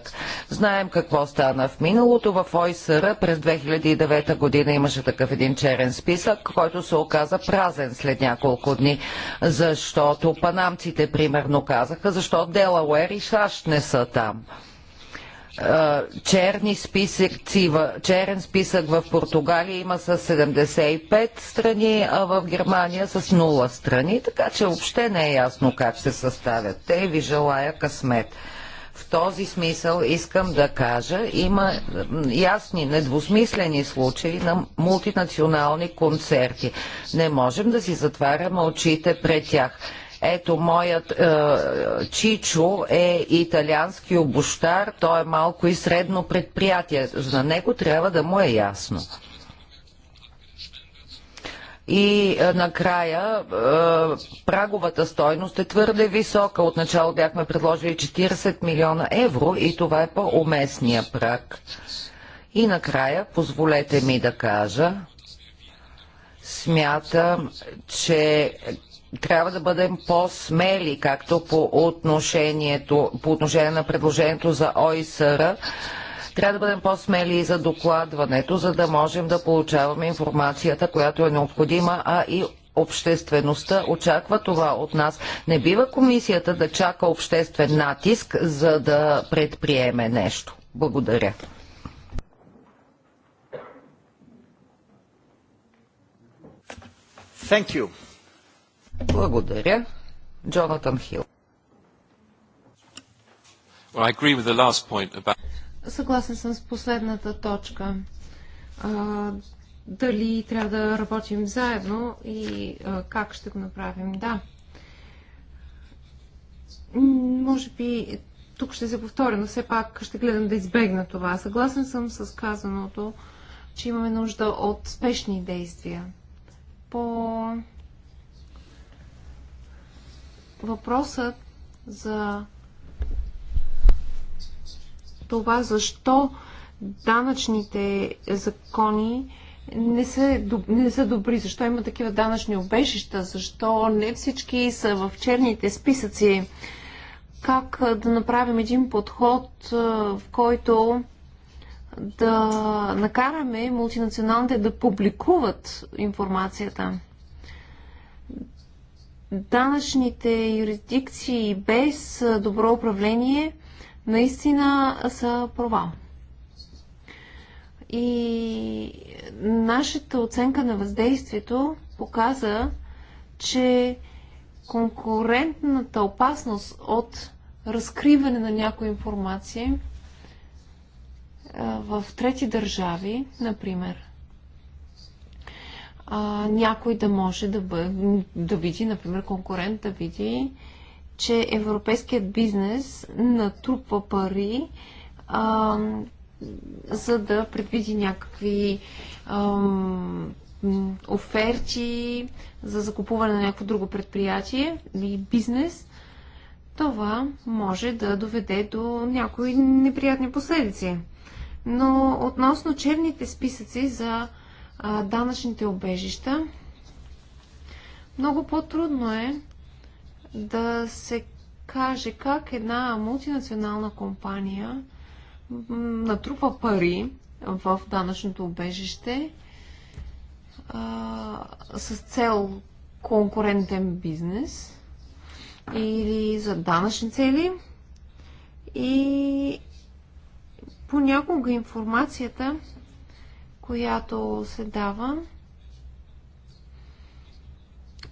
Знаем какво стана в миналото в ОИСА ОИСР през 2009 година имаше такъв един черен списък, който се оказа празен след няколко дни, защото панамците примерно казаха, защо Делауер и САЩ не са там черни списъци, черен списък в Португалия има с 75 страни, а в Германия с 0 страни, така че въобще не е ясно как се съставят. Те ви желая късмет. В този смисъл искам да кажа, има ясни, недвусмислени случаи на мултинационални концерти. Не можем да си затваряме очите пред тях. Ето, моят е, Чичо е италиански обощар, той е малко и средно предприятие. За него трябва да му е ясно. И е, накрая е, праговата стойност е твърде висока. Отначало бяхме предложили 40 милиона евро и това е по-уместния праг. И накрая, позволете ми да кажа, смятам, че трябва да бъдем по-смели, както по, отношението, по отношение на предложението за ОИСР, трябва да бъдем по-смели и за докладването, за да можем да получаваме информацията, която е необходима, а и обществеността очаква това от нас. Не бива комисията да чака обществен натиск, за да предприеме нещо. Благодаря. Thank you. Благодаря. Джонатан Хил. Well, about... Съгласен съм с последната точка. А, дали трябва да работим заедно и а, как ще го направим? Да. Може би тук ще се повторя, но все пак ще гледам да избегна това. Съгласен съм с казаното, че имаме нужда от спешни действия. По въпросът за това защо данъчните закони не са, не са добри, защо има такива данъчни обежища, защо не всички са в черните списъци, как да направим един подход, в който да накараме мултинационалните да публикуват информацията. Данъчните юрисдикции без добро управление наистина са провал. И нашата оценка на въздействието показа, че конкурентната опасност от разкриване на някоя информация в трети държави, например, някой да може да, бъ... да види, например, конкурент да види че европейският бизнес натрупва пари, а, за да предвиди някакви а, оферти за закупуване на някакво друго предприятие или бизнес, това може да доведе до някои неприятни последици. Но относно черните списъци за а, данъчните обежища, много по-трудно е да се каже как една мултинационална компания натрупа пари в данъчното убежище а, с цел конкурентен бизнес или за данъчни цели. И понякога информацията, която се дава,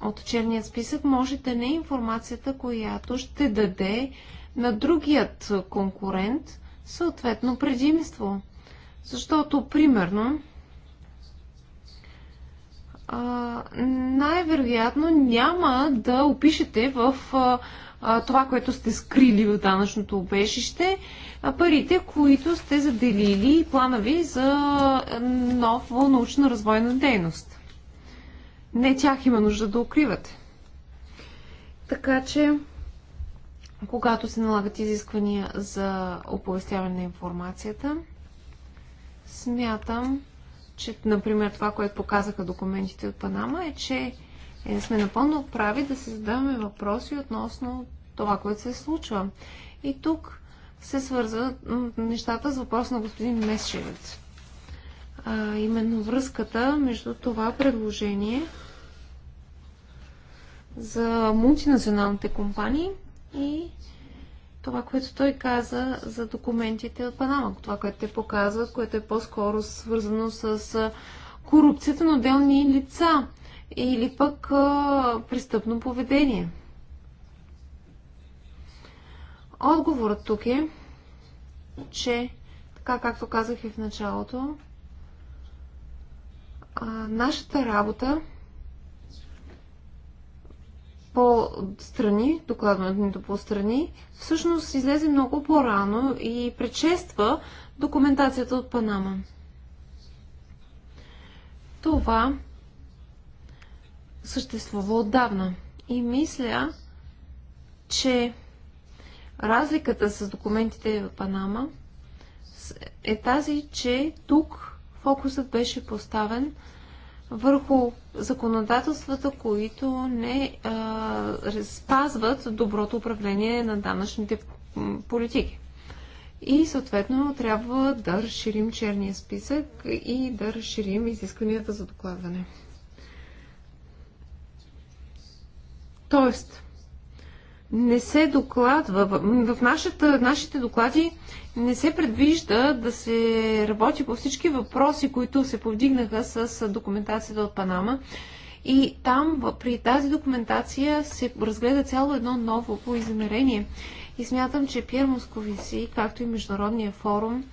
от черния списък може да не е информацията, която ще даде на другият конкурент съответно предимство. Защото, примерно, най-вероятно няма да опишете в а, това, което сте скрили в данъчното обежище, парите, които сте заделили и плана ви за нова научно-развойна дейност. Не тях има нужда да укривате. Така че, когато се налагат изисквания за оповестяване на информацията, смятам, че, например, това, което показаха документите от Панама, е, че е, сме напълно прави да се задаваме въпроси относно това, което се случва. И тук се свързват нещата с въпрос на господин Месшевец. А, именно връзката между това предложение за мултинационалните компании и това, което той каза за документите от Панама, това, което те показват, което е по-скоро свързано с корупцията на отделни лица или пък а, престъпно поведение. Отговорът тук е, че, така както казах и в началото, а, нашата работа по страни, докладването по страни, всъщност излезе много по-рано и предшества документацията от Панама. Това съществува отдавна. И мисля, че разликата с документите в Панама е тази, че тук фокусът беше поставен върху законодателствата, които не а, спазват доброто управление на данъчните политики. И съответно трябва да разширим черния списък и да разширим изискванията за докладване. Тоест, не се докладва, в нашата, нашите доклади не се предвижда да се работи по всички въпроси, които се повдигнаха с документацията от Панама. И там, при тази документация, се разгледа цяло едно ново по измерение. И смятам, че Пьер Московиси, както и Международния форум,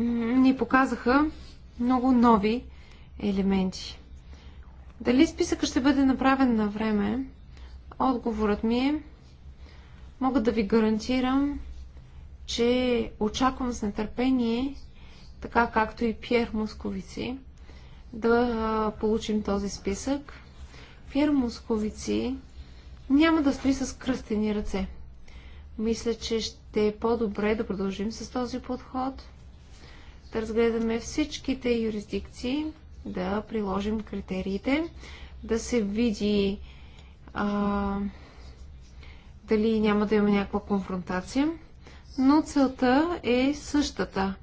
ни показаха много нови елементи. Дали списъка ще бъде направен на време? Отговорът ми е, мога да ви гарантирам, че очаквам с нетърпение, така както и Пьер Московици, да получим този списък. Пьер Московици няма да стои с кръстени ръце. Мисля, че ще е по-добре да продължим с този подход, да разгледаме всичките юрисдикции, да приложим критериите, да се види а, дали няма да има някаква конфронтация, но целта е същата,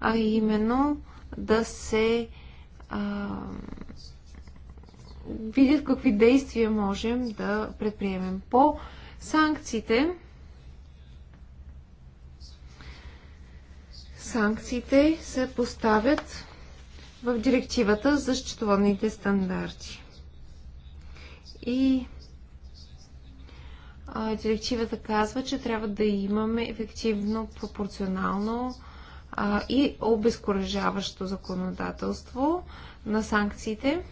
а именно да се а, видят какви действия можем да предприемем. По санкциите, санкциите се поставят в директивата за счетоводните стандарти. И а, директивата казва, че трябва да имаме ефективно, пропорционално а, и обезкуражаващо законодателство на санкциите.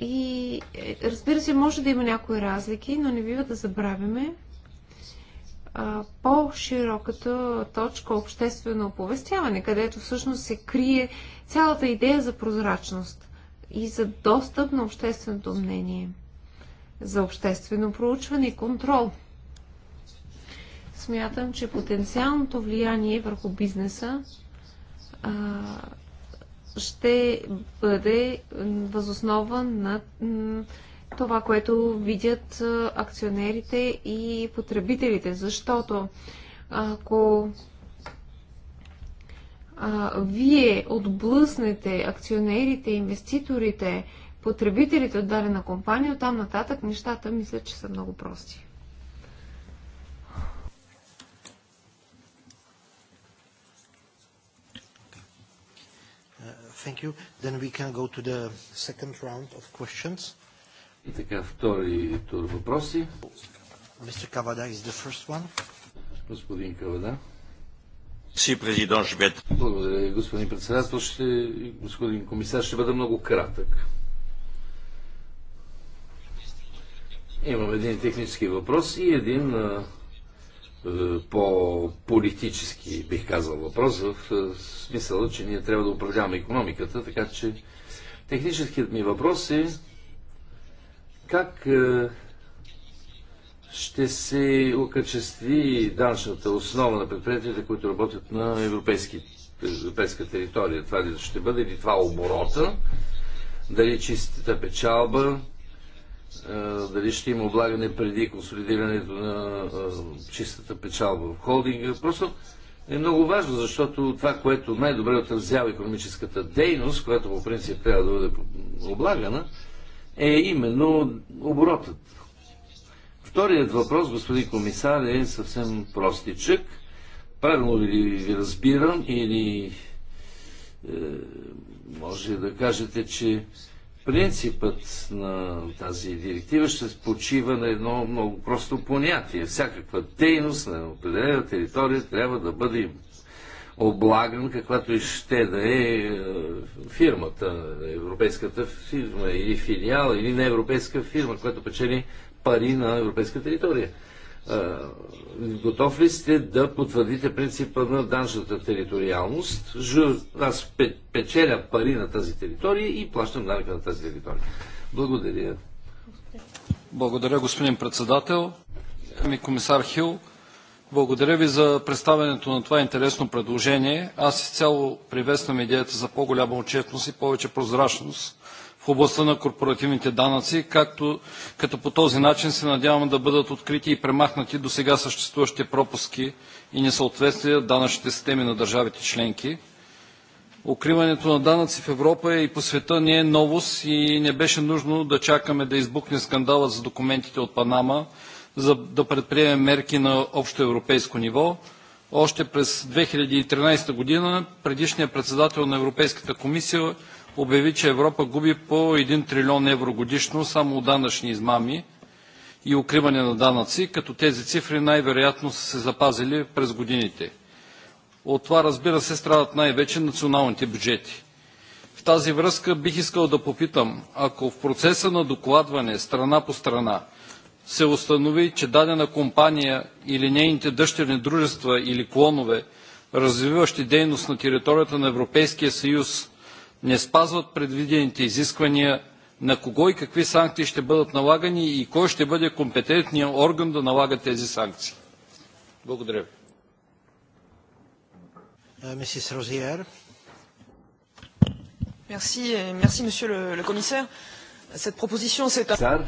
И е, разбира се, може да има някои разлики, но не бива да забравяме, по-широката точка обществено оповестяване, където всъщност се крие цялата идея за прозрачност и за достъп на общественото мнение, за обществено проучване и контрол. Смятам, че потенциалното влияние върху бизнеса а, ще бъде възоснова на това, което видят акционерите и потребителите. Защото ако а, вие отблъснете акционерите, инвеститорите, потребителите от дадена компания, оттам нататък нещата мисля, че са много прости. Uh, thank you. Then we can go to the second round of questions. И така, втори тур въпроси. Мистер Кавада is the first one. Господин Кавада. Си, президент Швед. Благодаря, господин председател. Ще, господин комисар, ще бъда много кратък. Имам един технически въпрос и един а, е, по-политически, бих казал, въпрос в е, смисъла, че ние трябва да управляваме економиката, така че техническият ми въпрос е как е, ще се окачестви данъчната основа на предприятията, които работят на европейска територия? Това ли ще бъде ли това оборота? Дали чистата печалба? Е, дали ще има облагане преди консолидирането на е, чистата печалба в холдинга. Просто е много важно, защото това, което най-добре отразява економическата дейност, която по принцип трябва да бъде облагана, е именно оборотът. Вторият въпрос, господин комисар, е съвсем простичък. Правилно ли ви разбирам или е, може да кажете, че принципът на тази директива ще почива на едно много просто понятие. Всякаква дейност на определена територия трябва да бъде облаган, каквато и ще да е, е фирмата, европейската фирма или филиал, или не европейска фирма, която печели пари на европейска територия. Е, готов ли сте да потвърдите принципа на данжната териториалност? Аз печеля пари на тази територия и плащам данъка на тази територия. Благодаря. Благодаря, господин председател. Ми комисар Хил, благодаря ви за представянето на това интересно предложение. Аз изцяло приветствам идеята за по-голяма отчетност и повече прозрачност в областта на корпоративните данъци, както, като по този начин се надявам да бъдат открити и премахнати до сега съществуващите пропуски и несъответствия в данъчните системи на държавите членки. Укриването на данъци в Европа и по света не е новост и не беше нужно да чакаме да избухне скандала за документите от Панама, за да предприеме мерки на общо европейско ниво. Още през 2013 година предишният председател на Европейската комисия обяви, че Европа губи по 1 трилион евро годишно само от данъчни измами и укриване на данъци, като тези цифри най-вероятно са се запазили през годините. От това, разбира се, страдат най-вече националните бюджети. В тази връзка бих искал да попитам, ако в процеса на докладване страна по страна се установи, че дадена компания или нейните дъщерни дружества или клонове, развиващи дейност на територията на Европейския съюз, не спазват предвидените изисквания, на кого и какви санкции ще бъдат налагани и кой ще бъде компетентният орган да налага тези санкции? Благодаря ви. Е, мисис Розиер. Merci, е, merci Monsieur le, le Commissaire. Cette proposition, c'est un...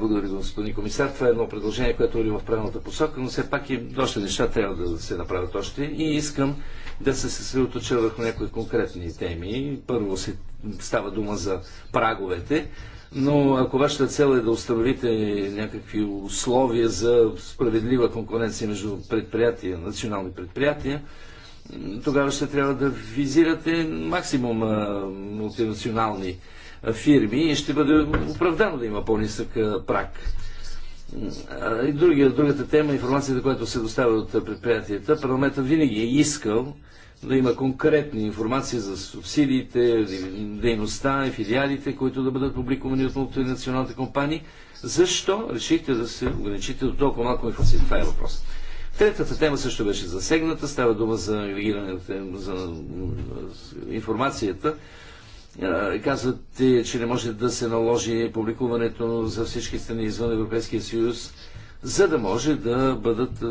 Благодаря, господин комисар. Това е едно предложение, което е в правилната посока, но все пак и доста неща трябва да се направят още. И искам да се съсредоточа върху някои конкретни теми. Първо се става дума за праговете, но ако вашата цел е да установите някакви условия за справедлива конкуренция между предприятия, национални предприятия, тогава ще трябва да визирате максимум мултинационални предприятия фирми и ще бъде оправдано да има по-нисък прак. И другия, другата тема, информацията, която се доставя от предприятията, парламентът винаги е искал да има конкретни информации за субсидиите, дейността и филиалите, които да бъдат публикувани от мултинационалните компании. Защо решихте да се ограничите до толкова малко информация? Това е въпрос. Третата тема също беше засегната. Става дума за за информацията Казвате, че не може да се наложи публикуването за всички страни извън Европейския съюз, за да може да бъдат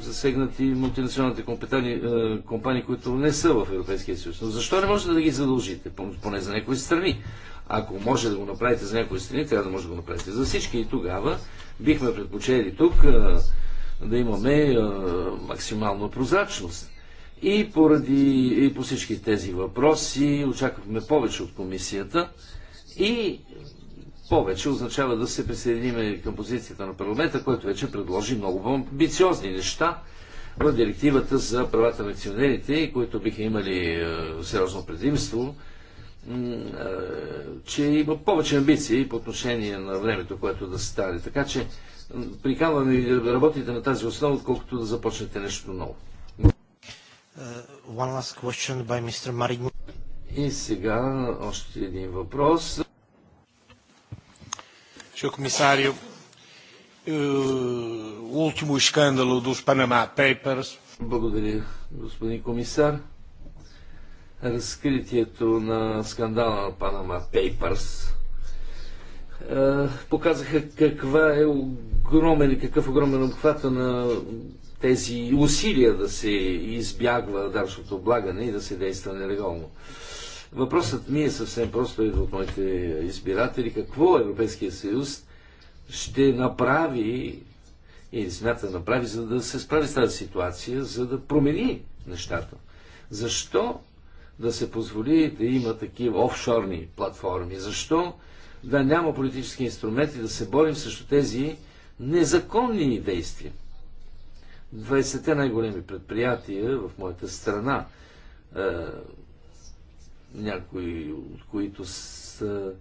засегнати мултинационалните компании, компании, които не са в Европейския съюз. Но защо не можете да ги задължите? Поне за някои страни. Ако може да го направите за някои страни, трябва да може да го направите за всички. И тогава бихме предпочели тук да имаме максимална прозрачност. И поради и по всички тези въпроси очаквахме повече от комисията и повече означава да се присъединиме към позицията на парламента, който вече предложи много амбициозни неща в директивата за правата на акционерите, които биха имали е, сериозно предимство, е, че има повече амбиции по отношение на времето, което да се стане. Така че приканваме ви да работите на тази основа, отколкото да започнете нещо ново. Uh, one last question by Mr. Marin. И сега още един въпрос. Senhor Comissário, uh, o último escândalo dos Panama Papers. Благодаря, господин комисар. Разкритието на скандала на Панама Пейперс показаха каква е огромен, и какъв огромен обхват на тези усилия да се избягва данъчното облагане и да се действа нелегално. Въпросът ми е съвсем просто и от моите избиратели. Какво Европейския съюз ще направи и смята да направи, за да се справи с тази ситуация, за да промени нещата? Защо да се позволи да има такива офшорни платформи? Защо да няма политически инструменти да се борим срещу тези незаконни действия? 20-те най-големи предприятия в моята страна, е, някои от които са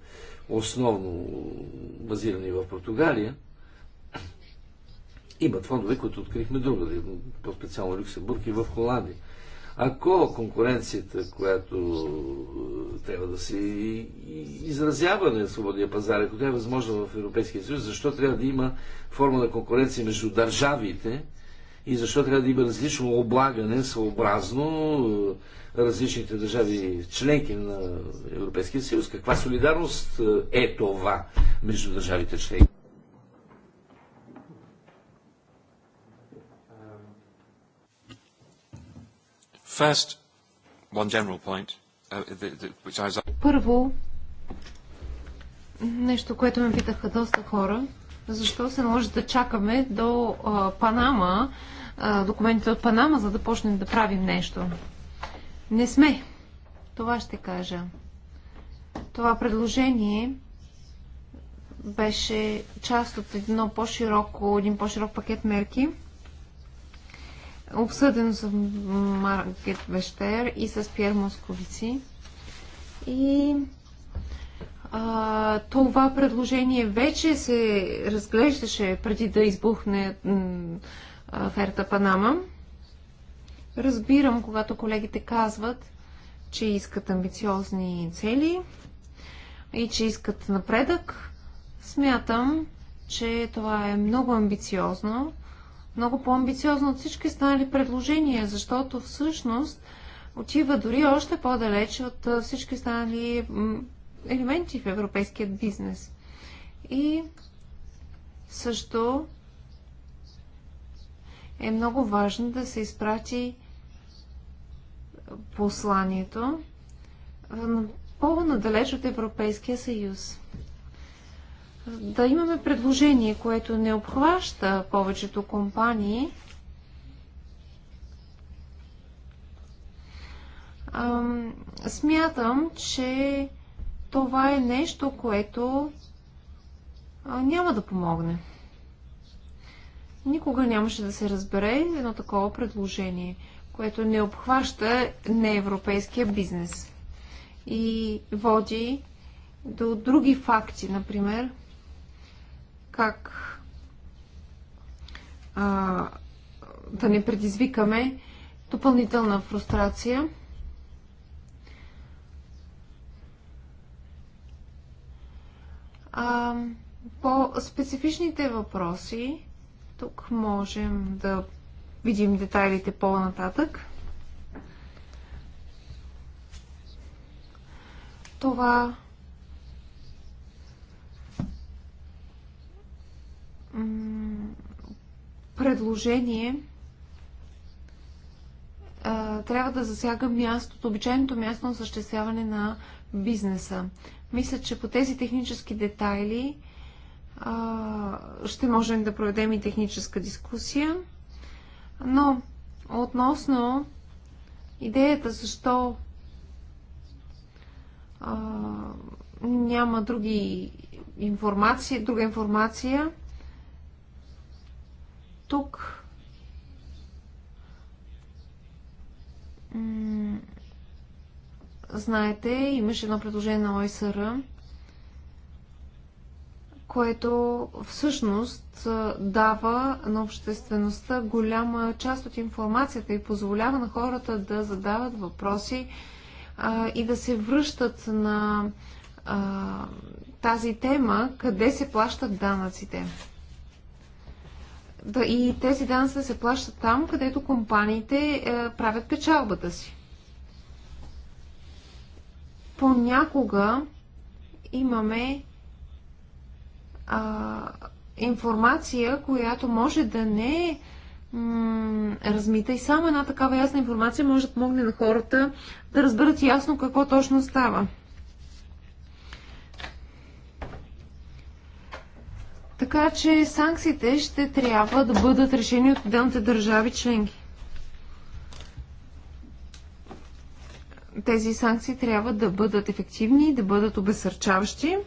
основно базирани в Португалия, имат фондове, които открихме другаде, по-специално Люксембург и в Холандия. Ако конкуренцията, която е, трябва да се изразява на свободния пазар, ако тя е възможна в Европейския съюз, защо трябва да има форма на конкуренция между държавите, и защо трябва да има различно облагане съобразно е, различните държави членки на Европейския съюз. Каква солидарност е, е това между държавите членки? First, one general point, uh, the, the, which I was... Първо, нещо, което ме питаха доста хора, защо се наложи да чакаме до а, Панама, а, документите от Панама, за да почнем да правим нещо. Не сме. Това ще кажа. Това предложение беше част от едно по-широко, един по-широк пакет мерки, обсъдено с Маргет Вещер и с Пьер Московици. И а, това предложение вече се разглеждаше преди да избухне аферата Панама. Разбирам, когато колегите казват, че искат амбициозни цели и че искат напредък. Смятам, че това е много амбициозно, много по-амбициозно от всички станали предложения, защото всъщност отива дори още по-далече от всички станали елементи в европейският бизнес. И също е много важно да се изпрати посланието по-надалеч от Европейския съюз. Да имаме предложение, което не обхваща повечето компании, смятам, че това е нещо, което няма да помогне. Никога нямаше да се разбере едно такова предложение, което не обхваща неевропейския бизнес и води до други факти, например, как а, да не предизвикаме допълнителна фрустрация – А, по специфичните въпроси, тук можем да видим детайлите по-нататък. Това предложение трябва да засяга мястото, обичайното място на съществяване на бизнеса. Мисля, че по тези технически детайли а, ще можем да проведем и техническа дискусия. Но относно идеята защо а, няма други информации, друга информация, тук Знаете, имаше едно предложение на ОСР, което всъщност дава на обществеността голяма част от информацията и позволява на хората да задават въпроси а, и да се връщат на а, тази тема, къде се плащат данъците. Да, и тези данъци се плащат там, където компаниите е, правят печалбата си понякога имаме а, информация, която може да не е размита и само една такава ясна информация може да помогне на хората да разберат ясно какво точно става. Така че санкциите ще трябва да бъдат решени от отделните държави членки. тези санкции трябва да бъдат ефективни и да бъдат обесърчаващи.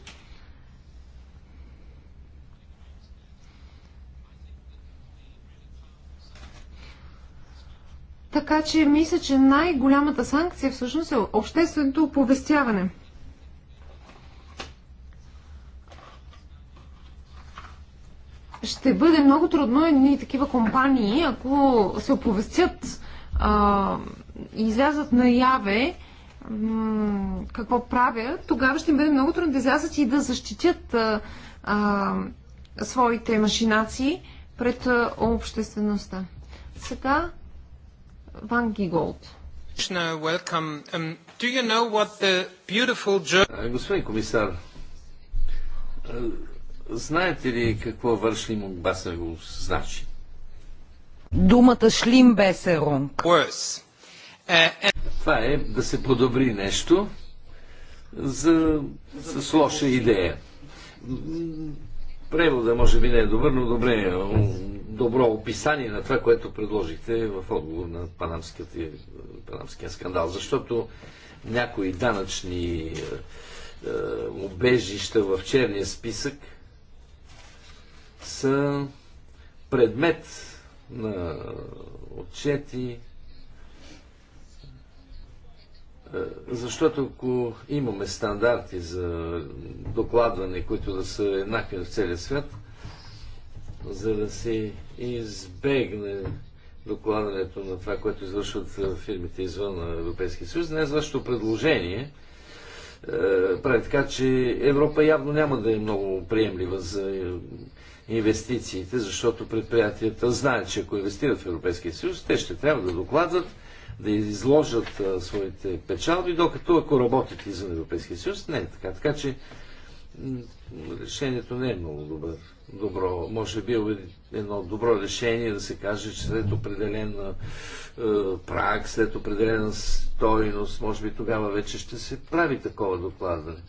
Така че мисля, че най-голямата санкция всъщност е общественото оповестяване. Ще бъде много трудно едни такива компании, ако се оповестят а, излязат наяве какво правят, тогава ще им бъде много трудно да излязат и да защитят а, а, своите машинации пред обществеността. Сега Ван Гиголд. Um, господин комисар, знаете ли какво му басаро значи? Думата шлим Worse. Това е да се подобри нещо за, с лоша идея. Превода може би не е добър, но добре, е. добро описание на това, което предложихте в отговор на е, панамския скандал. Защото някои данъчни е, обежища е, в черния списък са предмет на отчети, е, защото ако имаме стандарти за докладване, които да са еднакви в целия свят, за да се избегне докладването на това, което извършват е, фирмите извън Европейския съюз, е вашето предложение е, прави така, че Европа явно няма да е много приемлива за инвестициите, защото предприятията знаят, че ако инвестират в Европейския съюз, те ще трябва да докладват да изложат а, своите печалби, докато ако работят извън Европейския съюз, не е така. Така че решението не е много добър, добро. Може би е едно добро решение да се каже, че след определен е, праг, след определена стойност, може би тогава вече ще се прави такова докладване.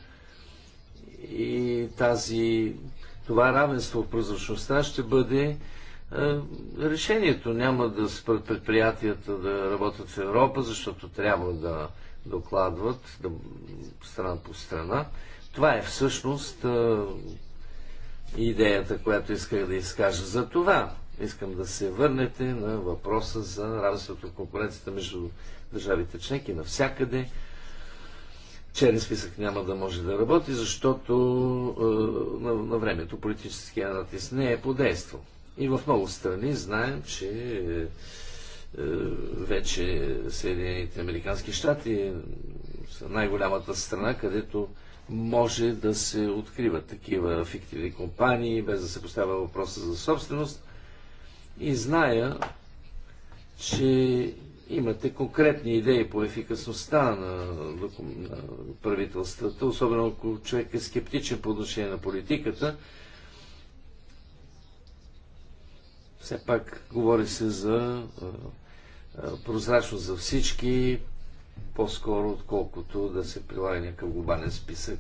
И тази, това равенство в прозрачността ще бъде е, решението няма да спрат предприятията да работят в Европа, защото трябва да докладват да, страна по страна. Това е всъщност е, идеята, която исках да изкажа. За това искам да се върнете на въпроса за равенството в конкуренцията между държавите членки навсякъде. Черен списък няма да може да работи, защото е, на, на времето политическия натиск не е подействал. И в много страни знаем, че е, вече Съединените Американски щати са най-голямата страна, където може да се откриват такива фиктивни компании, без да се поставя въпроса за собственост. И зная, че имате конкретни идеи по ефикасността на, правителствата, особено ако човек е скептичен по отношение на политиката, Все пак говори се за прозрачност за всички, по-скоро отколкото да се прилага някакъв глобален списък.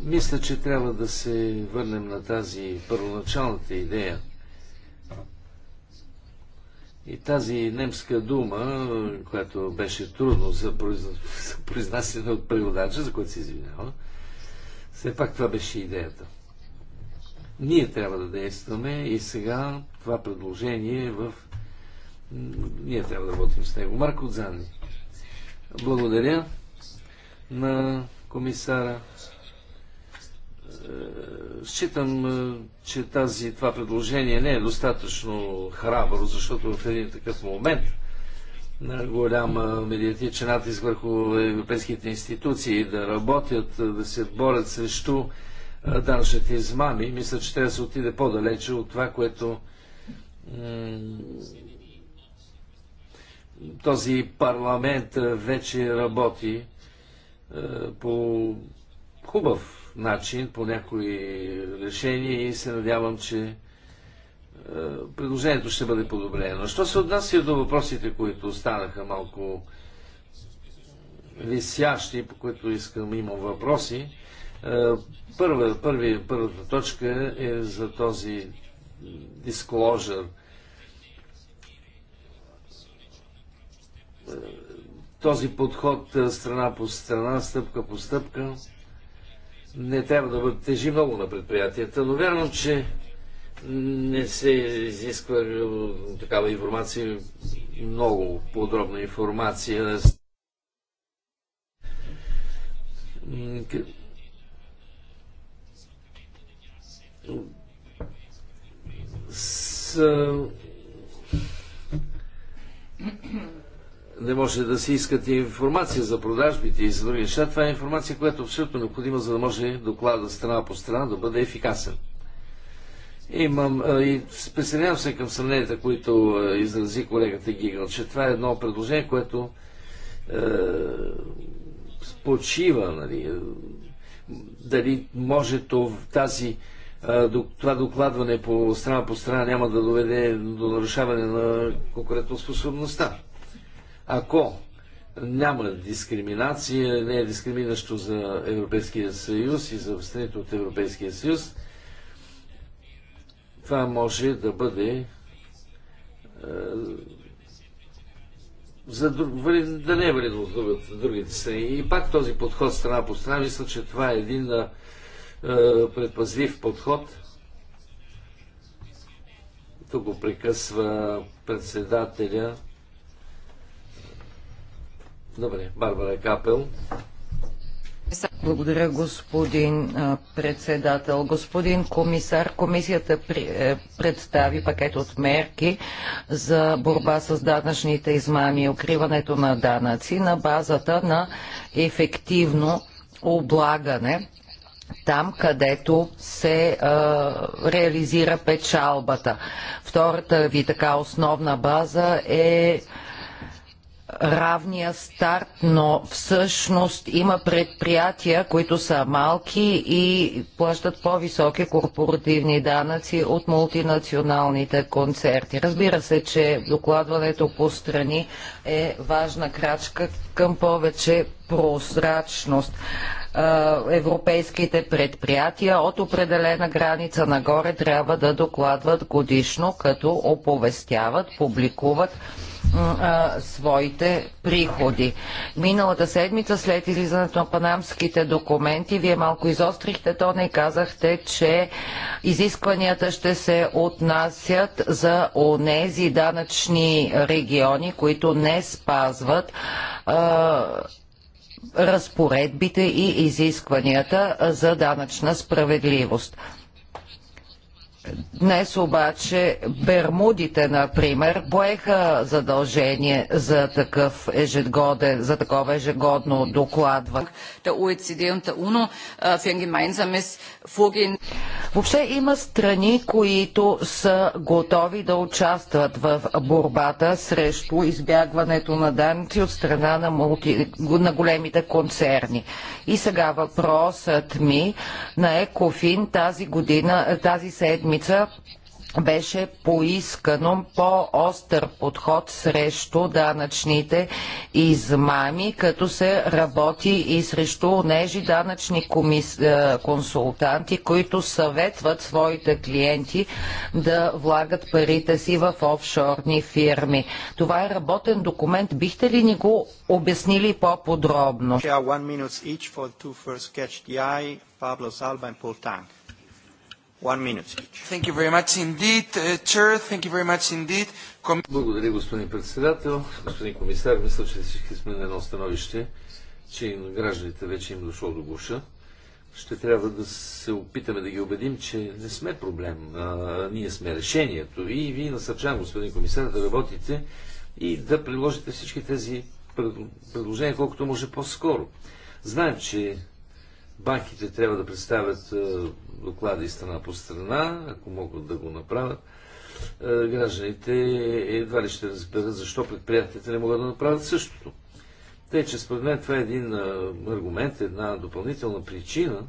Мисля, че трябва да се върнем на тази първоначалната идея. И тази немска дума, която беше трудно за (laughs) произнасяне от преводача, за което се извинява, все пак това беше идеята. Ние трябва да действаме и сега това предложение е в... Ние трябва да работим с него. Марко Дзанни. Благодаря на комисара. Е, считам, е, че тази, това предложение не е достатъчно храбро, защото в един такъв момент на голям медиатичен натиск върху европейските институции да работят, да се борят срещу данъчните измами. Мисля, че трябва да се отиде по-далече от това, което този парламент вече работи по хубав начин, по някои решения и се надявам, че предложението ще бъде подобрено. Що се отнася до въпросите, които останаха малко висящи, по които искам, има въпроси. Е, първа, първи, първата точка е за този disclosure. Е, този подход е, страна по страна, стъпка по стъпка, не трябва да тежи много на предприятията, но вярвам, че не се изисква такава информация, много подробна информация. С... Не може да се искат информация за продажбите и за други неща. Това е информация, която е абсолютно необходима, за да може доклада страна по страна да бъде ефикасен. Имам и присъединявам се към съмненията, които изрази колегата Гигъл, че това е едно предложение, което е, почива, нали, дали може тази, това докладване по страна по страна няма да доведе до нарушаване на конкурентоспособността. Ако няма дискриминация, не е дискриминащо за Европейския съюз и за страните от Европейския съюз, това може да бъде е, за друг, да не е вредно от другите страни. И пак този подход страна по страна, мисля, че това е един а, е, предпазлив подход. Тук го прекъсва председателя. Добре, Барбара Капел. Благодаря, господин председател. Господин комисар, комисията е, представи пакет от мерки за борба с данъчните измами и укриването на данъци на базата на ефективно облагане там, където се а, реализира печалбата. Втората ви така основна база е а, равния старт, но всъщност има предприятия, които са малки и плащат по-високи корпоративни данъци от мултинационалните концерти. Разбира се, че докладването по страни е важна крачка към повече прозрачност европейските предприятия от определена граница нагоре трябва да докладват годишно, като оповестяват, публикуват своите приходи. Миналата седмица след излизането на панамските документи, вие малко изострихте тона и казахте, че изискванията ще се отнасят за онези данъчни региони, които не спазват а, разпоредбите и изискванията за данъчна справедливост. Днес обаче Бермудите, например, поеха задължение за, такъв ежегоден, за такова ежегодно докладване. Е Въобще има страни, които са готови да участват в борбата срещу избягването на данъци от страна на, мулти, на големите концерни. И сега въпросът ми на Екофин тази година, тази седмица седмица беше поискано по-остър подход срещу данъчните измами, като се работи и срещу нежи данъчни комис... Е, консултанти, които съветват своите клиенти да влагат парите си в офшорни фирми. Това е работен документ. Бихте ли ни го обяснили по-подробно? One minute Thank you very much indeed, uh, Chair. Thank you very much indeed. Благодаря, господин председател. Господин комисар, мисля, че всички сме на едно становище, че гражданите вече им дошло до гуша. Ще трябва да се опитаме да ги убедим, че не сме проблем, а ние сме решението. И вие насърчавам, господин комисар, да работите и да предложите всички тези предложения колкото може по-скоро. Знаем, че Банките трябва да представят е, доклади страна по страна, ако могат да го направят. Е, гражданите едва ли ще разберат защо предприятията не могат да направят същото. Тъй, че според мен това е един е, аргумент, една допълнителна причина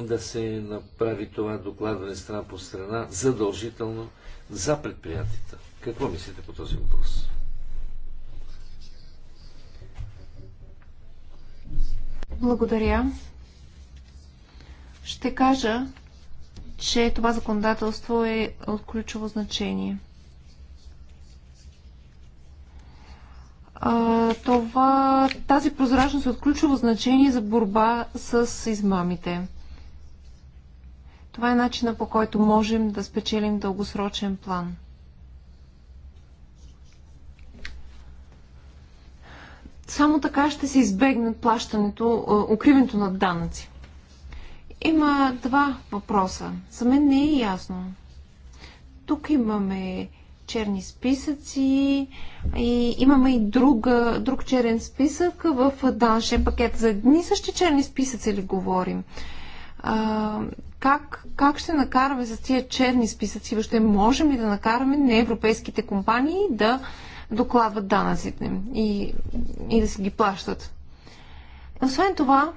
да се направи това докладване страна по страна задължително за предприятията. Какво мислите по този въпрос? Благодаря. Ще кажа, че това законодателство е от ключово значение. А, това, тази прозрачност е от ключово значение за борба с измамите. Това е начина по който можем да спечелим дългосрочен план. Само така ще се избегне плащането, е, укриването на данъци. Има два въпроса. За мен не е ясно. Тук имаме черни списъци и имаме и друг, друг черен списък в данъчен пакет. За едни същи черни списъци ли говорим? А, как, как ще накараме за тия черни списъци? Въобще можем ли да накараме неевропейските компании да докладват данъците и, и да си ги плащат. Освен това,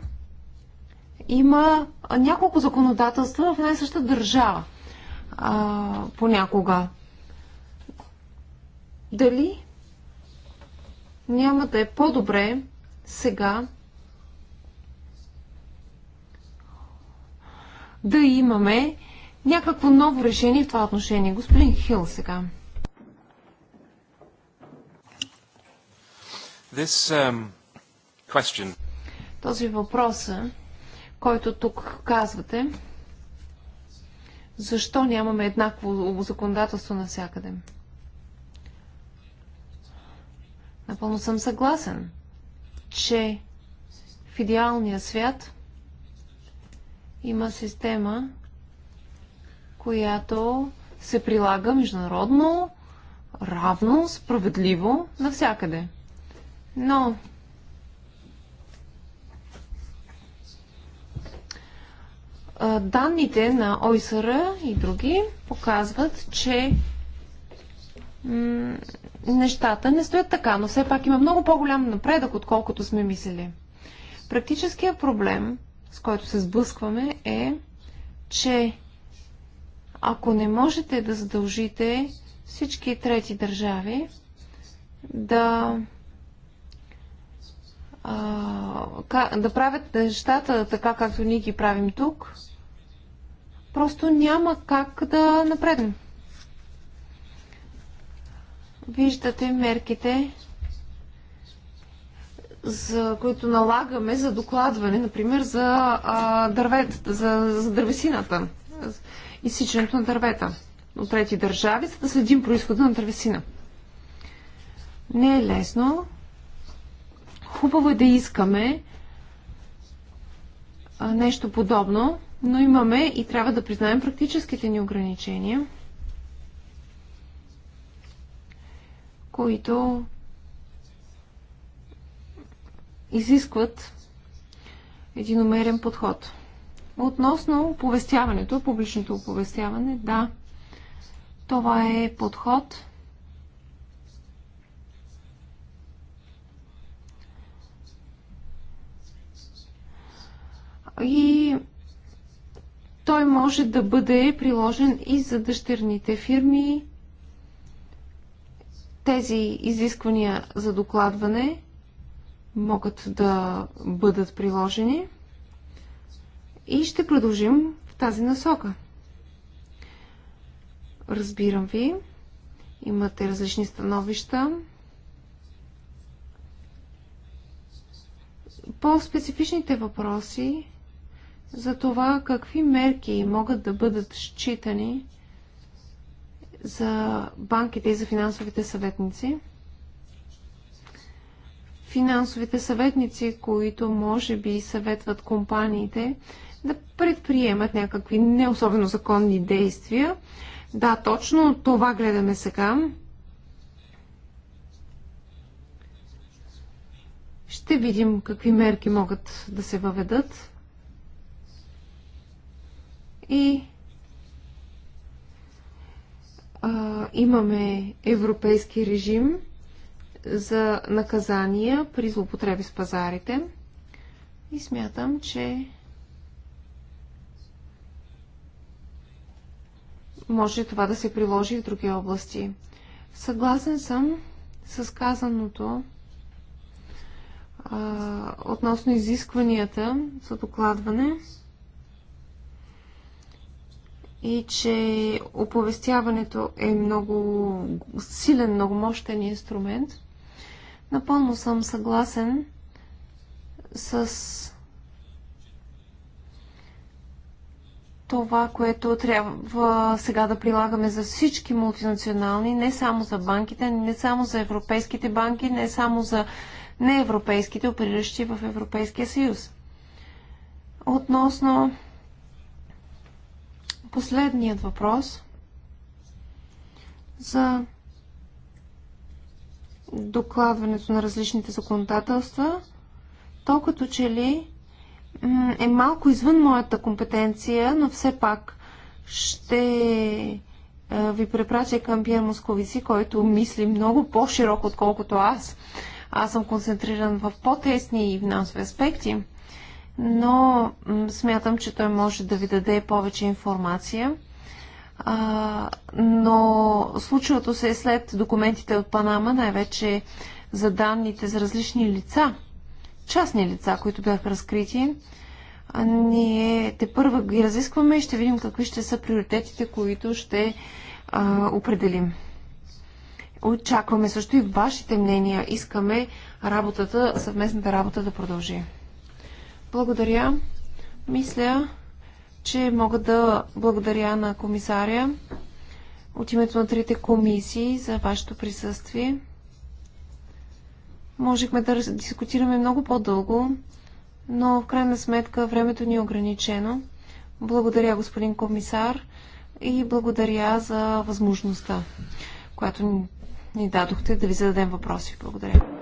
има няколко законодателства в една и съща държава а, понякога. Дали няма да е по-добре сега да имаме някакво ново решение в това отношение. Господин Хил сега. This, um, question... Този въпрос, който тук казвате, защо нямаме еднакво законодателство навсякъде? Напълно съм съгласен, че в идеалния свят има система, която се прилага международно, равно, справедливо навсякъде. Но данните на ОИСР и други показват, че нещата не стоят така, но все пак има много по-голям напредък, отколкото сме мислили. Практическият проблем, с който се сблъскваме, е, че ако не можете да задължите всички трети държави да да правят нещата така, както ние ги правим тук, просто няма как да напреднем. Виждате мерките, за които налагаме за докладване, например, за а, дървет, за, за дървесината, изсичането на дървета от трети държави, за да следим происхода на дървесина. Не е лесно, Хубаво е да искаме нещо подобно, но имаме и трябва да признаем практическите ни ограничения, които изискват един умерен подход. Относно оповестяването, публичното оповестяване, да, това е подход, и той може да бъде приложен и за дъщерните фирми. Тези изисквания за докладване могат да бъдат приложени и ще продължим в тази насока. Разбирам ви, имате различни становища. По-специфичните въпроси за това какви мерки могат да бъдат считани за банките и за финансовите съветници. Финансовите съветници, които може би съветват компаниите да предприемат някакви не особено законни действия. Да, точно това гледаме сега. Ще видим какви мерки могат да се въведат и а, имаме европейски режим за наказания при злоупотреби с пазарите и смятам, че може това да се приложи и в други области. Съгласен съм с казаното а, относно изискванията за докладване и че оповестяването е много силен, много мощен инструмент. Напълно съм съгласен с това, което трябва сега да прилагаме за всички мултинационални, не само за банките, не само за европейските банки, не само за неевропейските, опериращи в Европейския съюз. Относно последният въпрос за докладването на различните законодателства, толкова че ли е малко извън моята компетенция, но все пак ще ви препрача към Пьер Московици, който мисли много по-широко, отколкото аз. Аз съм концентриран в по-тесни и финансови аспекти но смятам, че той може да ви даде повече информация. А, но случилото се е след документите от Панама, най-вече за данните за различни лица, частни лица, които бяха разкрити. А ние те първа ги разискваме и ще видим какви ще са приоритетите, които ще а, определим. Очакваме също и вашите мнения. Искаме работата, съвместната работа да продължи. Благодаря. Мисля, че мога да благодаря на комисаря от името на трите комисии за вашето присъствие. Можехме да дискутираме много по-дълго, но в крайна сметка времето ни е ограничено. Благодаря, господин комисар, и благодаря за възможността, която ни дадохте да ви зададем въпроси. Благодаря.